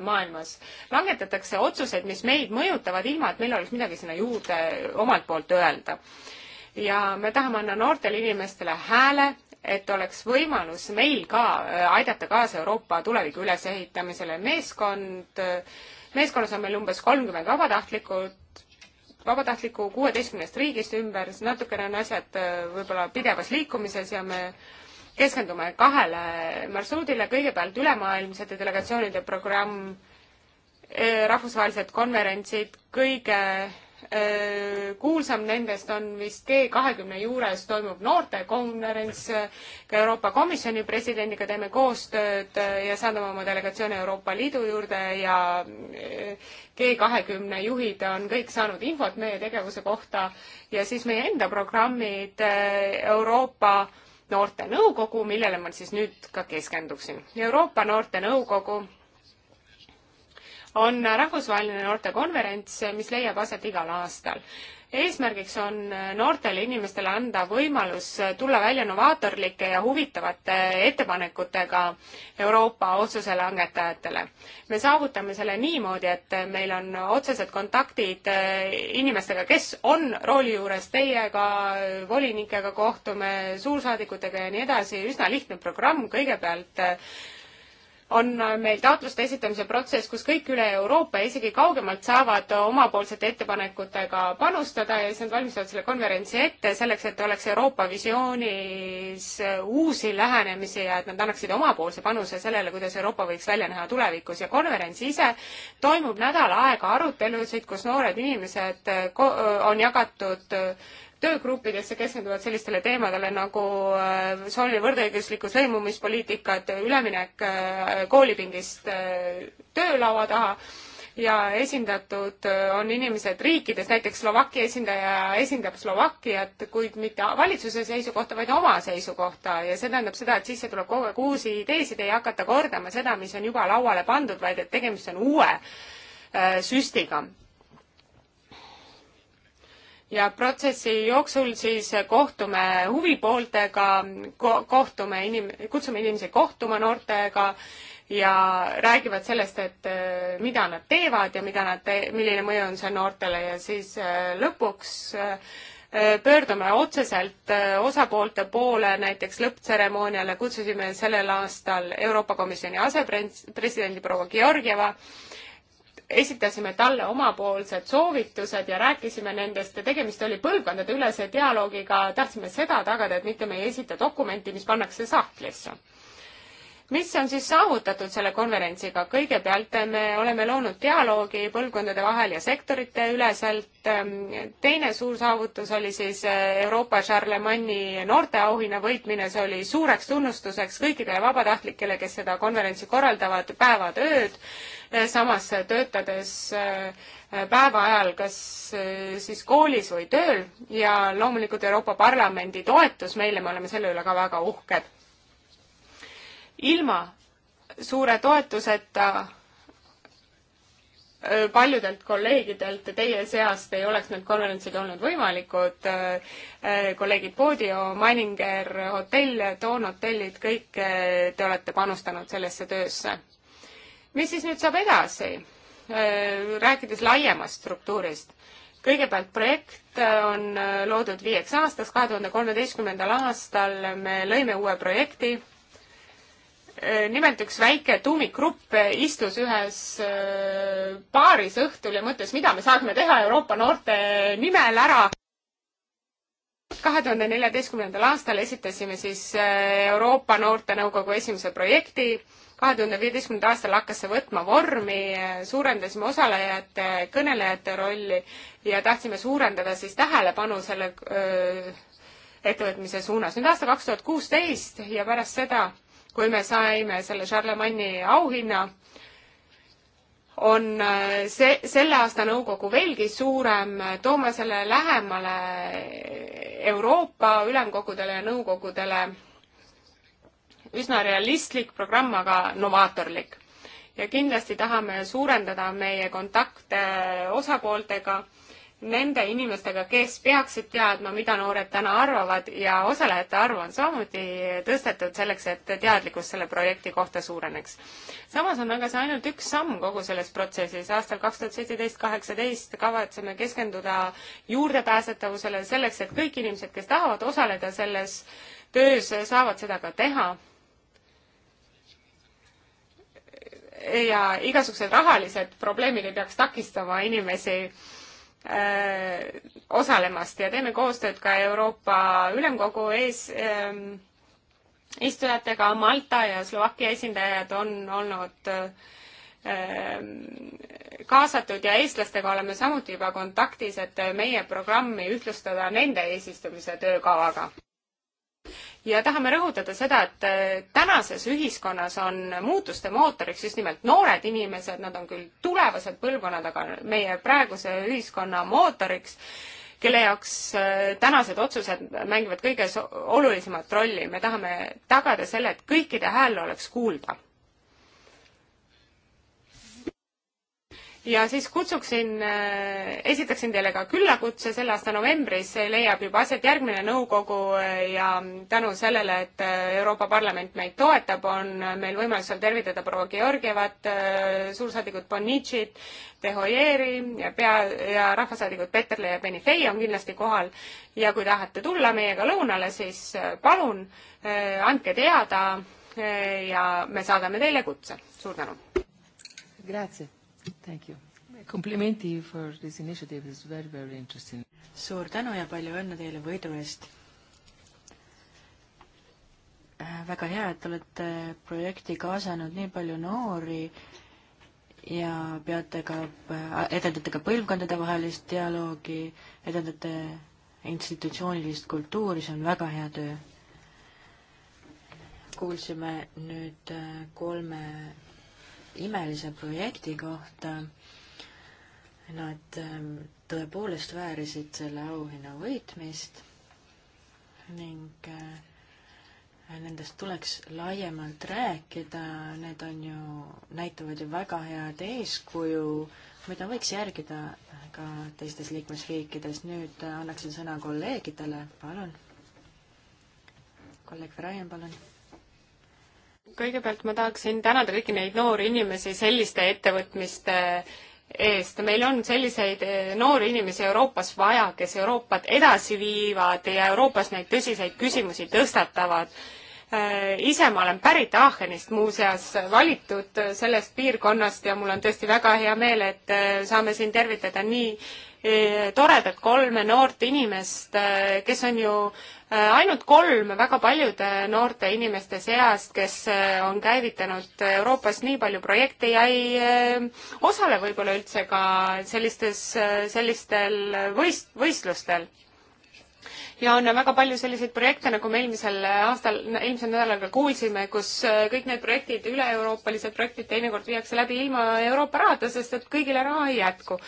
S1: maailmas. langetatakse otsuseid, mis meid mõjutavad, ilma et meil oleks midagi sinna juurde omalt poolt öelda. ja me tahame anda noortele inimestele hääle, et oleks võimalus meil ka äh, aidata kaasa Euroopa tuleviku ülesehitamisele. meeskond, äh, meeskonnas on meil umbes kolmkümmend vabatahtlikult, vabatahtlikku kuueteistkümnest riigist ümber, natukene on asjad äh, võib-olla pidevas liikumises ja me keskendume kahele marsruudile, kõigepealt ülemaailmsete delegatsioonide programm, rahvusvahelised konverentsid, kõige Äh, kuulsam nendest on vist G kahekümne juures toimub noortekonverents, äh, ka Euroopa Komisjoni presidendiga teeme koostööd äh, ja saadame oma delegatsiooni Euroopa Liidu juurde ja G kahekümne juhid on kõik saanud infot meie tegevuse kohta ja siis meie enda programmid Euroopa Noortenõukogu, millele ma siis nüüd ka keskenduksin. Euroopa Noortenõukogu on rahvusvaheline noortekonverents, mis leiab aset igal aastal. eesmärgiks on noortele inimestele anda võimalus tulla välja novaatorlike ja huvitavate ettepanekutega Euroopa otsuse langetajatele. me saavutame selle niimoodi, et meil on otsesed kontaktid eh, inimestega, kes on rooli juures teiega, volinikega kohtume, suursaadikutega ja nii edasi, üsna lihtne programm kõigepealt eh, on meil taotluste esitamise protsess, kus kõik üle Euroopa ja isegi kaugemalt saavad omapoolsete ettepanekutega panustada ja siis nad valmistavad selle konverentsi ette selleks, et oleks Euroopa visioonis uusi lähenemisi ja et nad annaksid omapoolse panuse sellele, kuidas Euroopa võiks välja näha tulevikus ja konverents ise toimub nädal aega arutelusid, kus noored inimesed on jagatud töögruppidesse keskenduvad sellistele teemadele nagu äh, sooline võrdõiguslikkus, lõimumispoliitikad, üleminek äh, koolipingist äh, töölaua taha ja esindatud on inimesed riikides, näiteks Slovakkia esindaja esindab Slovakkiat, kuid mitte valitsuse seisukohta, vaid oma seisukohta ja see tähendab seda, et sisse tuleb kogu aeg uusi ideesid, ei hakata kordama seda, mis on juba lauale pandud, vaid et tegemist on uue äh, süstiga ja protsessi jooksul siis kohtume huvipooltega ko, kohtume inim-, kutsume inimesi kohtuma noortega ja räägivad sellest, et äh, mida nad teevad ja mida nad te-, milline mõju on see noortele ja siis äh, lõpuks äh, pöördume otseselt osapoolte poole, näiteks lõpptseremooniale kutsusime sellel aastal Euroopa Komisjoni asepresidendi proua Georgieva esitasime talle omapoolsed soovitused ja rääkisime nendest ja tegemist oli põlvkondadeülese dialoogiga, tahtsime seda tagada, et mitte me ei esita dokumenti, mis pannakse sahtlisse mis on siis saavutatud selle konverentsiga? kõigepealt me oleme loonud dialoogi põlvkondade vahel ja sektorite üleselt. Ähm, teine suur saavutus oli siis äh, Euroopa Charlemagne'i noorteauhinna võitmine, see oli suureks tunnustuseks kõikidele vabatahtlikele, kes seda konverentsi korraldavad päevad-ööd, äh, samas äh, töötades päeva ajal kas siis koolis või tööl ja loomulikult Euroopa Parlamendi toetus meile, me oleme selle üle ka väga uhked ilma suure toetuseta äh, paljudelt kolleegidelt teie seast ei oleks need konverentsid olnud võimalikud. Äh, kolleegid Podio, Meininger hotell, Toon hotellid, kõik äh, te olete panustanud sellesse töösse. mis siis nüüd saab edasi? rääkides laiemast struktuurist, kõigepealt projekt on loodud viieks aastaks, kahe tuhande kolmeteistkümnendal aastal me lõime uue projekti Äh, nimelt üks väike tuumikgrupp äh, istus ühes äh, baaris õhtul ja mõtles, mida me saaksime teha Euroopa noorte nimel ära kahe tuhande neljateistkümnendal aastal esitasime siis Euroopa Noortenõukogu esimese projekti. kahe tuhande viieteistkümnendal aastal hakkas see võtma vormi, suurendasime osalejate, kõnelejate rolli ja tahtsime suurendada siis tähelepanu selle öö, ettevõtmise suunas. nüüd aasta kaks tuhat kuusteist ja pärast seda kui me saime selle Charlemagne'i auhinna, on äh, see, selle aasta nõukogu veelgi suurem, äh, toome selle lähemale äh, Euroopa ülemkogudele ja nõukogudele, üsna realistlik programm, aga novaatorlik. ja kindlasti tahame suurendada meie kontakte osapooltega nende inimestega, kes peaksid teadma, mida noored täna arvavad ja osalejate arvu on samuti tõstetud selleks, et teadlikkus selle projekti kohta suureneks. samas on aga see ainult üks samm kogu selles protsessis. aastal kaks tuhat seitseteist, kaheksateist kavatseme keskenduda juurdepääsetavusele selleks, et kõik inimesed, kes tahavad osaleda selles töös, saavad seda ka teha ja igasugused rahalised probleemid ei peaks takistama inimesi Äh, osalemast ja teeme koostööd ka Euroopa Ülemkogu ees ähm, istujatega. Malta ja Slovakkia esindajad on olnud ähm, kaasatud ja eestlastega oleme samuti juba kontaktis, et meie programmi ühtlustada nende eesistumise töökavaga ja tahame rõhutada seda, et eh, tänases ühiskonnas on muutuste mootoriks just nimelt noored inimesed, nad on küll tulevased põlvkonnad, aga meie praeguse ühiskonna mootoriks, kelle jaoks eh, tänased otsused mängivad kõige olulisemat rolli. me tahame tagada selle, et kõikide hääl oleks kuulda ja siis kutsuksin, äh, esitaksin teile ka küllakutse, selle aasta novembris leiab juba aset järgmine nõukogu äh, ja tänu sellele, et äh, Euroopa Parlament meid toetab, on meil võimalus seal tervitada proua Georgievat, suursaadikut Bonnicit, Tehojeri ja pea, ja rahvasaadikud Peterle ja Benifei on kindlasti kohal ja kui tahate tulla meiega lõunale, siis palun andke teada ja me saadame teile kutse. suur tänu!
S3: Grazie. Thank you. Complimenti for this initiative is very, very interesting. suur tänu ja palju õnne teile võidu eest. Äh, väga hea, et olete projekti kaasanud nii palju noori ja peate ka, äh, edendate ka põlvkondadevahelist dialoogi, edendate institutsioonilist kultuuri, see on väga hea töö. kuulsime nüüd äh, kolme imelise projekti kohta. Nad ähm, tõepoolest väärisid selle auhinna võitmist ning äh, nendest tuleks laiemalt rääkida, need on ju, näitavad ju väga head eeskuju, mida võiks järgida ka teistes liikmesriikides. nüüd äh, annaksin sõna kolleegidele, palun. kolleeg Ryan, palun
S1: kõigepealt ma tahaksin tänada kõiki neid noori inimesi selliste ettevõtmiste eest. meil on selliseid eh, noori inimesi Euroopas vaja, kes Euroopat edasi viivad ja Euroopas neid tõsiseid küsimusi tõstatavad. Eh, ise ma olen pärit Aachenist muuseas, valitud sellest piirkonnast ja mul on tõesti väga hea meel, et eh, saame siin tervitada nii toredat kolme noort inimest, kes on ju ainult kolm väga paljude noorte inimeste seast, kes on käivitanud Euroopas nii palju projekte ja ei osale võib-olla üldse ka sellistes, sellistel võist-, võistlustel ja on väga palju selliseid projekte, nagu me eelmisel aastal, eelmisel nädalal ka kuulsime, kus äh, kõik need projektid, üle-euroopalised projektid teinekord viiakse läbi ilma Euroopa rahata, sest et kõigile raha ei jätku.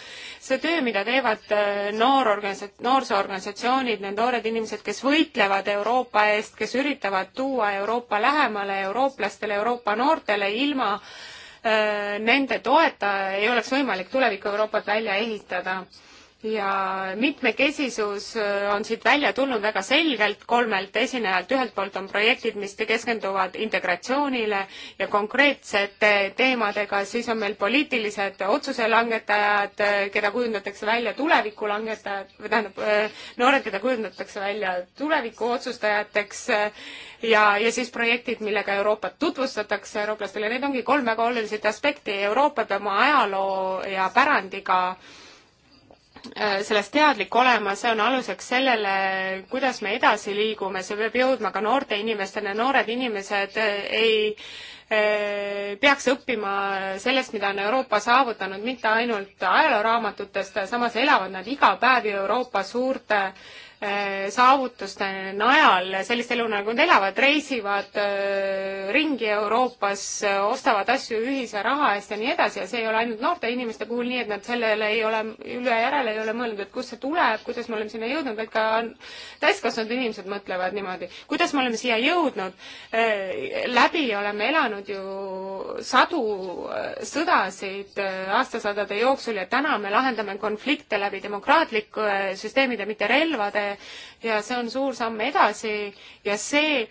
S1: see töö, mida teevad äh, noororganisat-, noorsoorganisatsioonid, need noored inimesed, kes võitlevad Euroopa eest, kes üritavad tuua Euroopa lähemale eurooplastele, Euroopa noortele ilma äh, nende toeta ei oleks võimalik tulevikku Euroopat välja ehitada ja mitmekesisus äh, on siit välja tulnud väga selgelt kolmelt esinejalt, ühelt poolt on projektid, mis keskenduvad integratsioonile ja konkreetsete teemadega, siis on meil poliitilised otsuse langetajad, äh, keda kujundatakse välja tuleviku langetajad, või tähendab, äh, noored, keda kujundatakse välja tuleviku otsustajateks ja, ja siis projektid, millega Euroopat tutvustatakse eurooplastele, need ongi kolm väga olulist aspekti, Euroopa peab oma ajaloo ja pärandiga Äh, sellest teadlik olema, see on aluseks sellele, kuidas me edasi liigume, see peab jõudma ka noorte inimesteni, noored inimesed äh, ei äh, peaks õppima sellest, mida on Euroopa saavutanud, mitte ainult ajalooraamatutest, samas elavad nad iga päev ju Euroopa suurte Äh, saavutuste najal sellist elu, nagu nad elavad, reisivad äh, ringi Euroopas, äh, ostavad asju ühise raha eest ja nii edasi ja see ei ole ainult noorte inimeste puhul nii, et nad sellele ei ole, üle järele ei ole mõelnud, et kust see tuleb, kuidas me oleme sinna jõudnud, vaid ka täiskasvanud inimesed mõtlevad niimoodi, kuidas me oleme siia jõudnud. läbi oleme elanud ju sadu sõdasid aastasadade jooksul ja täna me lahendame konflikte läbi demokraatlike süsteemide, mitte relvade sisse ja see on suur samm edasi ja see,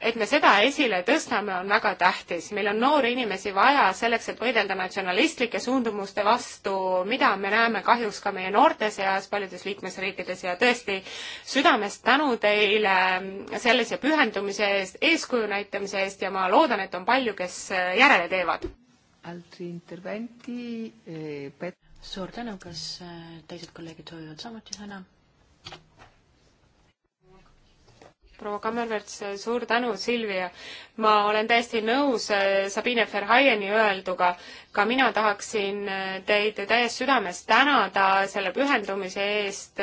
S1: et me seda esile tõstame, on väga tähtis. meil on noori inimesi vaja selleks, et võidelda natsionalistlike suundumuste vastu, mida me näeme kahjuks ka meie noorte seas paljudes liikmesriikides ja tõesti südamest tänu teile sellise pühendumise eest, eeskuju näitamise eest ja ma loodan, et on palju, kes järele teevad.
S3: Eh, suur tänu, kas eh, teised kolleegid soovivad samuti sõna?
S1: proua Kammerverts, suur tänu, Silvia. ma olen täiesti nõus äh, Sabine Verhaieni öelduga. ka mina tahaksin äh, teid täiest südamest tänada selle pühendumise eest.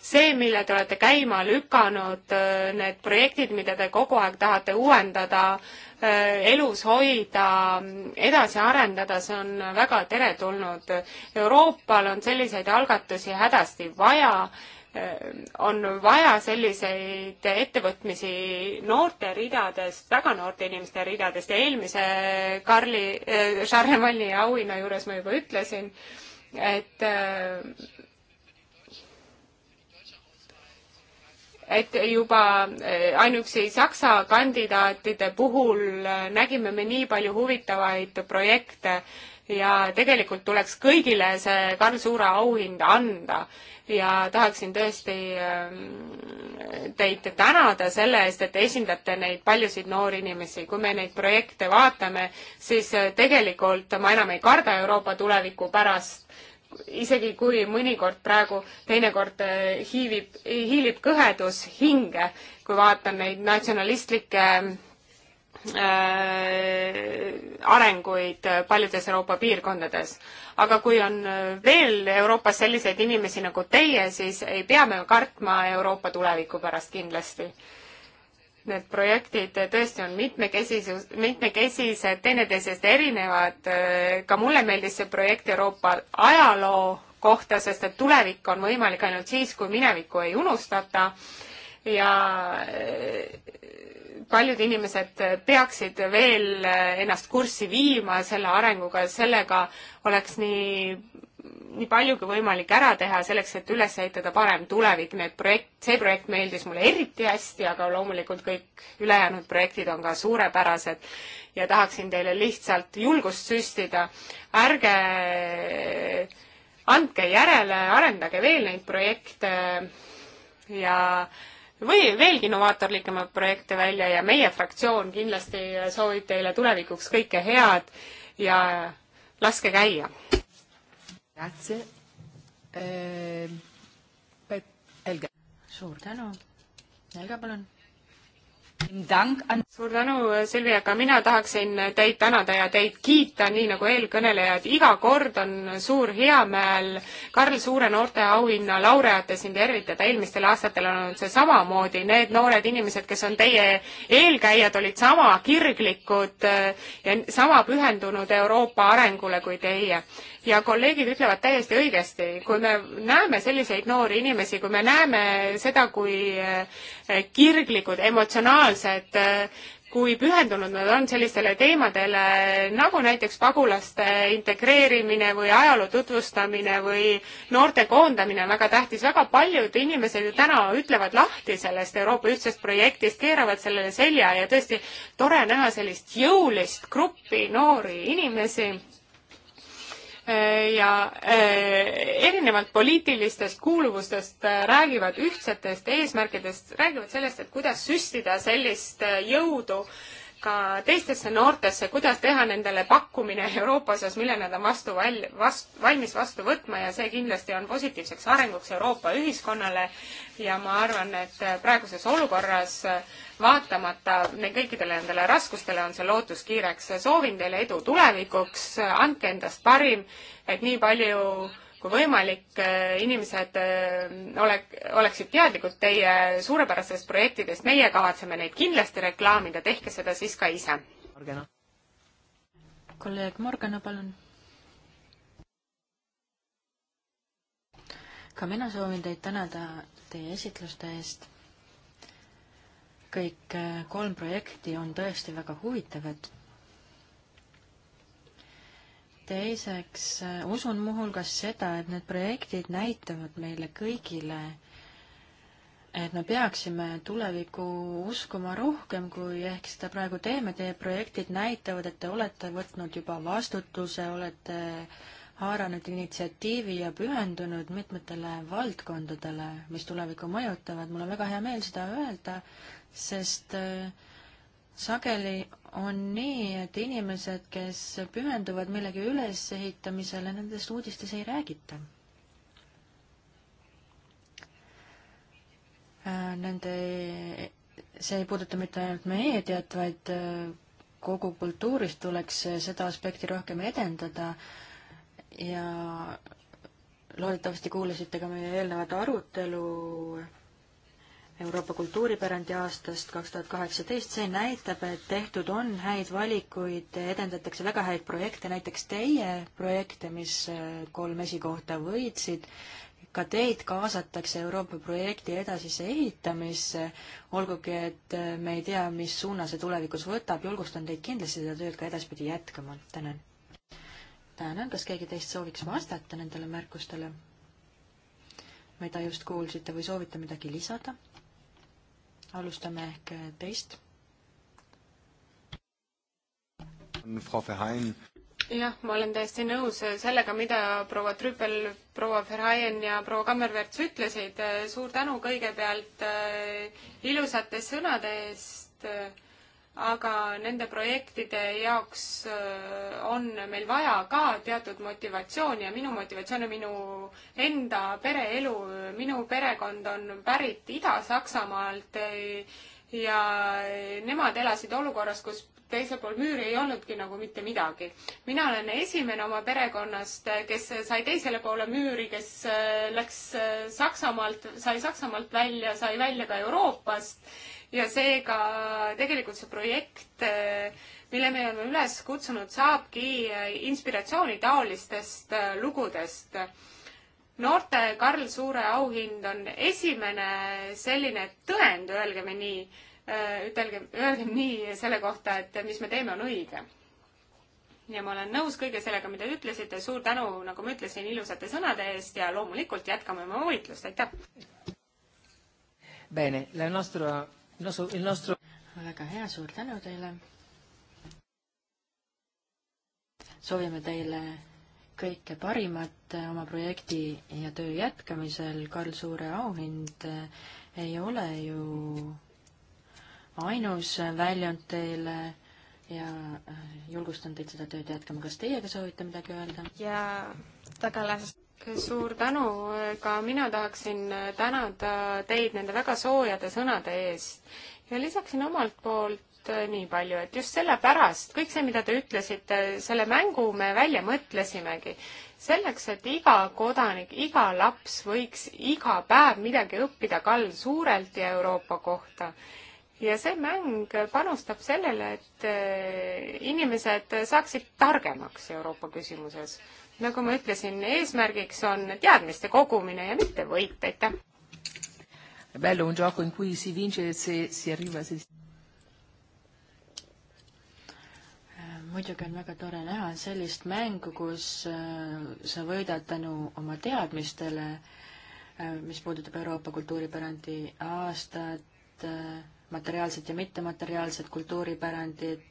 S1: see, mille te olete käima lükanud, äh, need projektid, mida te kogu aeg tahate uuendada, elus hoida, edasi arendada, see on väga teretulnud. Euroopal on selliseid algatusi hädasti vaja on vaja selliseid ettevõtmisi noorte ridadest, väga noorte inimeste ridadest ja eelmise Karli äh,, Charlemagne'i auhinna juures ma juba ütlesin, et äh, et juba äh, ainuüksi Saksa kandidaatide puhul äh, nägime me nii palju huvitavaid projekte äh,, ja tegelikult tuleks kõigile see Karl Suure auhind anda. ja tahaksin tõesti ähm, teid tänada selle eest, et esindate neid paljusid noori inimesi. kui me neid projekte vaatame, siis äh, tegelikult ma enam ei karda Euroopa tuleviku pärast, isegi kui mõnikord praegu teinekord äh, hiivib, hiilib kõhedus hinge, kui vaatan neid natsionalistlikke Äh, arenguid paljudes Euroopa piirkondades. aga kui on veel Euroopas selliseid inimesi nagu teie, siis ei pea me kartma Euroopa tuleviku pärast kindlasti. Need projektid tõesti on mitmekesisus, mitmekesised, teineteisest erinevad, ka mulle meeldis see projekt Euroopa ajaloo kohta, sest et tulevik on võimalik ainult siis, kui minevikku ei unustata ja paljud inimesed peaksid veel ennast kurssi viima selle arenguga, sellega oleks nii, nii palju kui võimalik ära teha selleks, et üles ehitada parem tulevik. Need projekt, see projekt meeldis mulle eriti hästi, aga loomulikult kõik ülejäänud projektid on ka suurepärased ja tahaksin teile lihtsalt julgust süstida. ärge andke järele, arendage veel neid projekte ja äh, või veelgi innovaatorlikumaid projekte välja ja meie fraktsioon kindlasti soovib teile tulevikuks kõike head ja laske käia. Ehm, suur tänu. Helga, palun suur tänu, Silvia, ka mina tahaksin teid tänada ja teid kiita, nii nagu eelkõnelejad. iga kord on suur heameel Karl Suure noorteauhinna laureaate siin tervitada. eelmistel aastatel on olnud see samamoodi. Need noored inimesed, kes on teie eelkäijad, olid sama kirglikud eh, ja sama pühendunud Euroopa arengule kui teie ja kolleegid ütlevad täiesti õigesti, kui me näeme selliseid noori inimesi, kui me näeme seda, kui eh, kirglikud, emotsionaalsed, eh, kui pühendunud nad on sellistele teemadele, nagu näiteks pagulaste integreerimine või ajaloo tutvustamine või noorte koondamine on väga tähtis, väga paljud inimesed ju täna ütlevad lahti sellest Euroopa ühtsest projektist, keeravad sellele selja ja tõesti tore näha sellist jõulist gruppi noori inimesi Äh, ja äh, erinevalt poliitilistest kuuluvustest äh, räägivad ühtsetest eesmärkidest, räägivad sellest, et kuidas süstida sellist jõudu ka teistesse noortesse, kuidas teha nendele pakkumine Euroopa osas, mille nad on vastu val-, vast-, valmis vastu võtma ja see kindlasti on positiivseks arenguks Euroopa ühiskonnale ja ma arvan, et praeguses olukorras vaatamata kõikidele nendele raskustele on see lootus kiireks. soovin teile edu tulevikuks, andke endast parim, et nii palju kui võimalik, äh, inimesed äh, olek-, oleksid teadlikud teie suurepärasest projektidest, meie kavatseme neid kindlasti reklaamida, tehke seda siis ka ise.
S3: Morgana. kolleeg Morgana, palun. ka mina soovin teid tänada teie esitluste eest. kõik äh, kolm projekti on tõesti väga huvitavad teiseks äh, usun muuhulgas seda, et need projektid näitavad meile kõigile, et me peaksime tulevikku uskuma rohkem, kui ehk seda praegu teeme. Teie projektid näitavad, et te olete võtnud juba vastutuse, olete haaranud initsiatiivi ja pühendunud mitmetele valdkondadele, mis tulevikku mõjutavad. mul on väga hea meel seda öelda, sest äh, sageli on nii, et inimesed, kes pühenduvad millegi ülesehitamisele, nendest uudistes ei räägita. Äh, nende, see ei puuduta mitte ainult meediat, vaid äh, kogu kultuuris tuleks äh, seda aspekti rohkem edendada ja loodetavasti kuulasite ka meie eelnevat arutelu äh, Euroopa kultuuripärandi aastast kaks tuhat kaheksateist, see näitab, et tehtud on häid valikuid, edendatakse väga häid projekte, näiteks teie projekte, mis äh, kolm esikohta võitsid, ka teid kaasatakse Euroopa projekti edasisse ehitamisse, olgugi et äh, me ei tea, mis suuna see tulevikus võtab, julgustan teid kindlasti seda tööd ka edaspidi jätkama, tänan. tänan, kas keegi teist sooviks vastata nendele märkustele, mida just kuulsite või soovite midagi lisada? alustame ehk teist.
S1: jah, ma olen täiesti nõus sellega, mida proua Trüppel, proua Verhaien ja proua Kammerwärts ütlesid. suur tänu kõigepealt äh, ilusate sõnade eest aga nende projektide jaoks äh, on meil vaja ka teatud motivatsiooni ja minu motivatsioon on minu enda pereelu. minu perekond on pärit Ida-Saksamaalt äh, ja nemad elasid olukorras, kus teisel pool müüri ei olnudki nagu mitte midagi. mina olen esimene oma perekonnast, äh, kes sai teisele poole müüri, kes läks Saksamaalt, sai Saksamaalt välja, sai välja ka Euroopast ja seega tegelikult see projekt, mille me oleme üles kutsunud, saabki äh, inspiratsiooni taolistest äh, lugudest. noorte Karl Suure auhind on esimene selline tõend, öelgem nii, äh, ütelge, öelgem nii selle kohta, et mis me teeme, on õige ja ma olen nõus kõige sellega, mida te ütlesite, suur tänu, nagu ma ütlesin, ilusate sõnade eest ja loomulikult jätkame oma võitlust, aitäh!
S3: Bene, la nostra väga hea, suur tänu teile. soovime teile kõike parimat oma projekti ja töö jätkamisel. Karl Suure auhind ei ole ju ainus väljund teile ja äh, julgustan teid seda tööd jätkama. kas teie ka soovite midagi öelda?
S1: ja tagalas suur tänu, ka mina tahaksin tänada teid nende väga soojade sõnade eest ja lisaksin omalt poolt nii palju, et just sellepärast kõik see, mida te ütlesite, selle mängu me välja mõtlesimegi. selleks, et iga kodanik, iga laps võiks iga päev midagi õppida Kall Suurelt ja Euroopa kohta ja see mäng panustab sellele, et eh, inimesed saaksid targemaks Euroopa küsimuses nagu ma ütlesin, eesmärgiks on teadmiste kogumine ja mitte võit, aitäh.
S3: Bello un gioco in cui si vince se si arriva se... Eh, muidugi on väga tore näha sellist mängu, kus eh, sa võidad tänu oma teadmistele, eh, mis puudutab Euroopa kultuuripärandi aastat, materiaalset ja mittemateriaalset kultuuripärandit,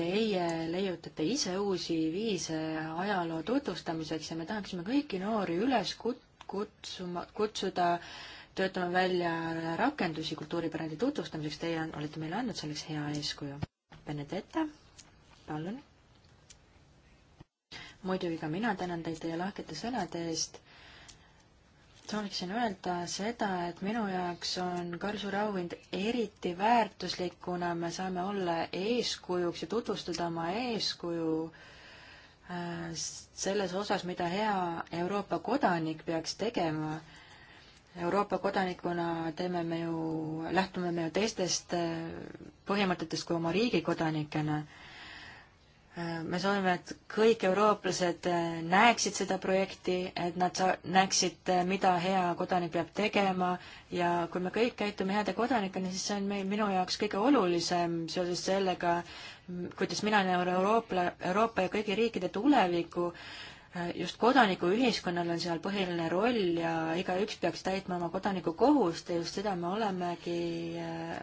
S3: teie leiutate ise uusi viise ajaloo tutvustamiseks ja me tahaksime kõiki noori üles kut-, kutsuma, kutsuda töötama välja rakendusi kultuuripärandi tutvustamiseks, teie olete meile andnud selleks hea eeskuju. Benedetta, palun. muidugi ka mina tänan teid teie lahkete sõnade eest sooviksin öelda seda, et minu jaoks on Karlsruhe auhind eriti väärtuslik, kuna me saame olla eeskujuks ja tutvustada oma eeskuju äh, selles osas, mida hea Euroopa kodanik peaks tegema. Euroopa kodanikuna teeme me ju, lähtume me ju teistest äh, põhimõtetest kui oma riigi kodanikena Äh, me soovime, et kõik eurooplased äh, näeksid seda projekti, et nad sa-, näeksid, äh, mida hea kodanik peab tegema ja kui me kõik käitume heade kodanikena, siis see on meil, minu jaoks kõige olulisem seoses sellega, kuidas mina näen Euroopa, Euroopa ja kõigi riikide tulevikku, just kodanikuühiskonnal on seal põhiline roll ja igaüks peaks täitma oma kodanikukohust ja just seda me olemegi äh,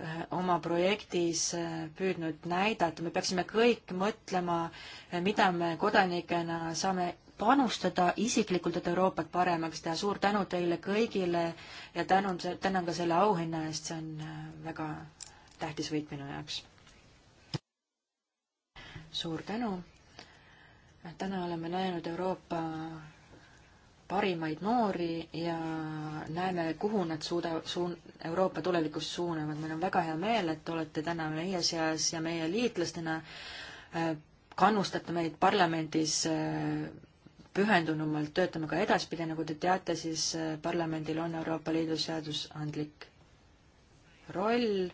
S3: Äh, oma projektis äh, püüdnud näidata, me peaksime kõik mõtlema, äh, mida me kodanikena saame panustada isiklikult, et Euroopat paremaks teha. suur tänu teile kõigile ja tänu, tänan ka selle auhinna eest, see on väga tähtis võit minu jaoks. suur tänu. täna oleme näinud Euroopa parimaid noori ja näeme, kuhu nad suuda-, suun-, Euroopa tulevikus suunavad. meil on väga hea meel, et olete täna meie seas ja meie liitlastena äh, kannustate meid parlamendis äh, pühendunumalt töötama ka edaspidi, nagu te teate, siis äh, parlamendil on Euroopa Liidu seadusandlik roll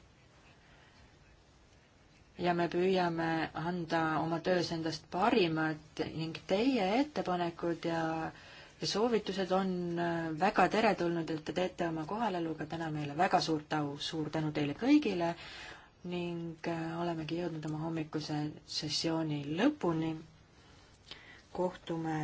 S3: ja me püüame anda oma töös endast parimat ning teie ettepanekud ja äh, soovitused on äh, väga teretulnud, et te teete oma kohaleluga täna meile väga suurt au, suur tänu teile kõigile ning äh, olemegi jõudnud oma hommikuse sessiooni lõpuni. kohtume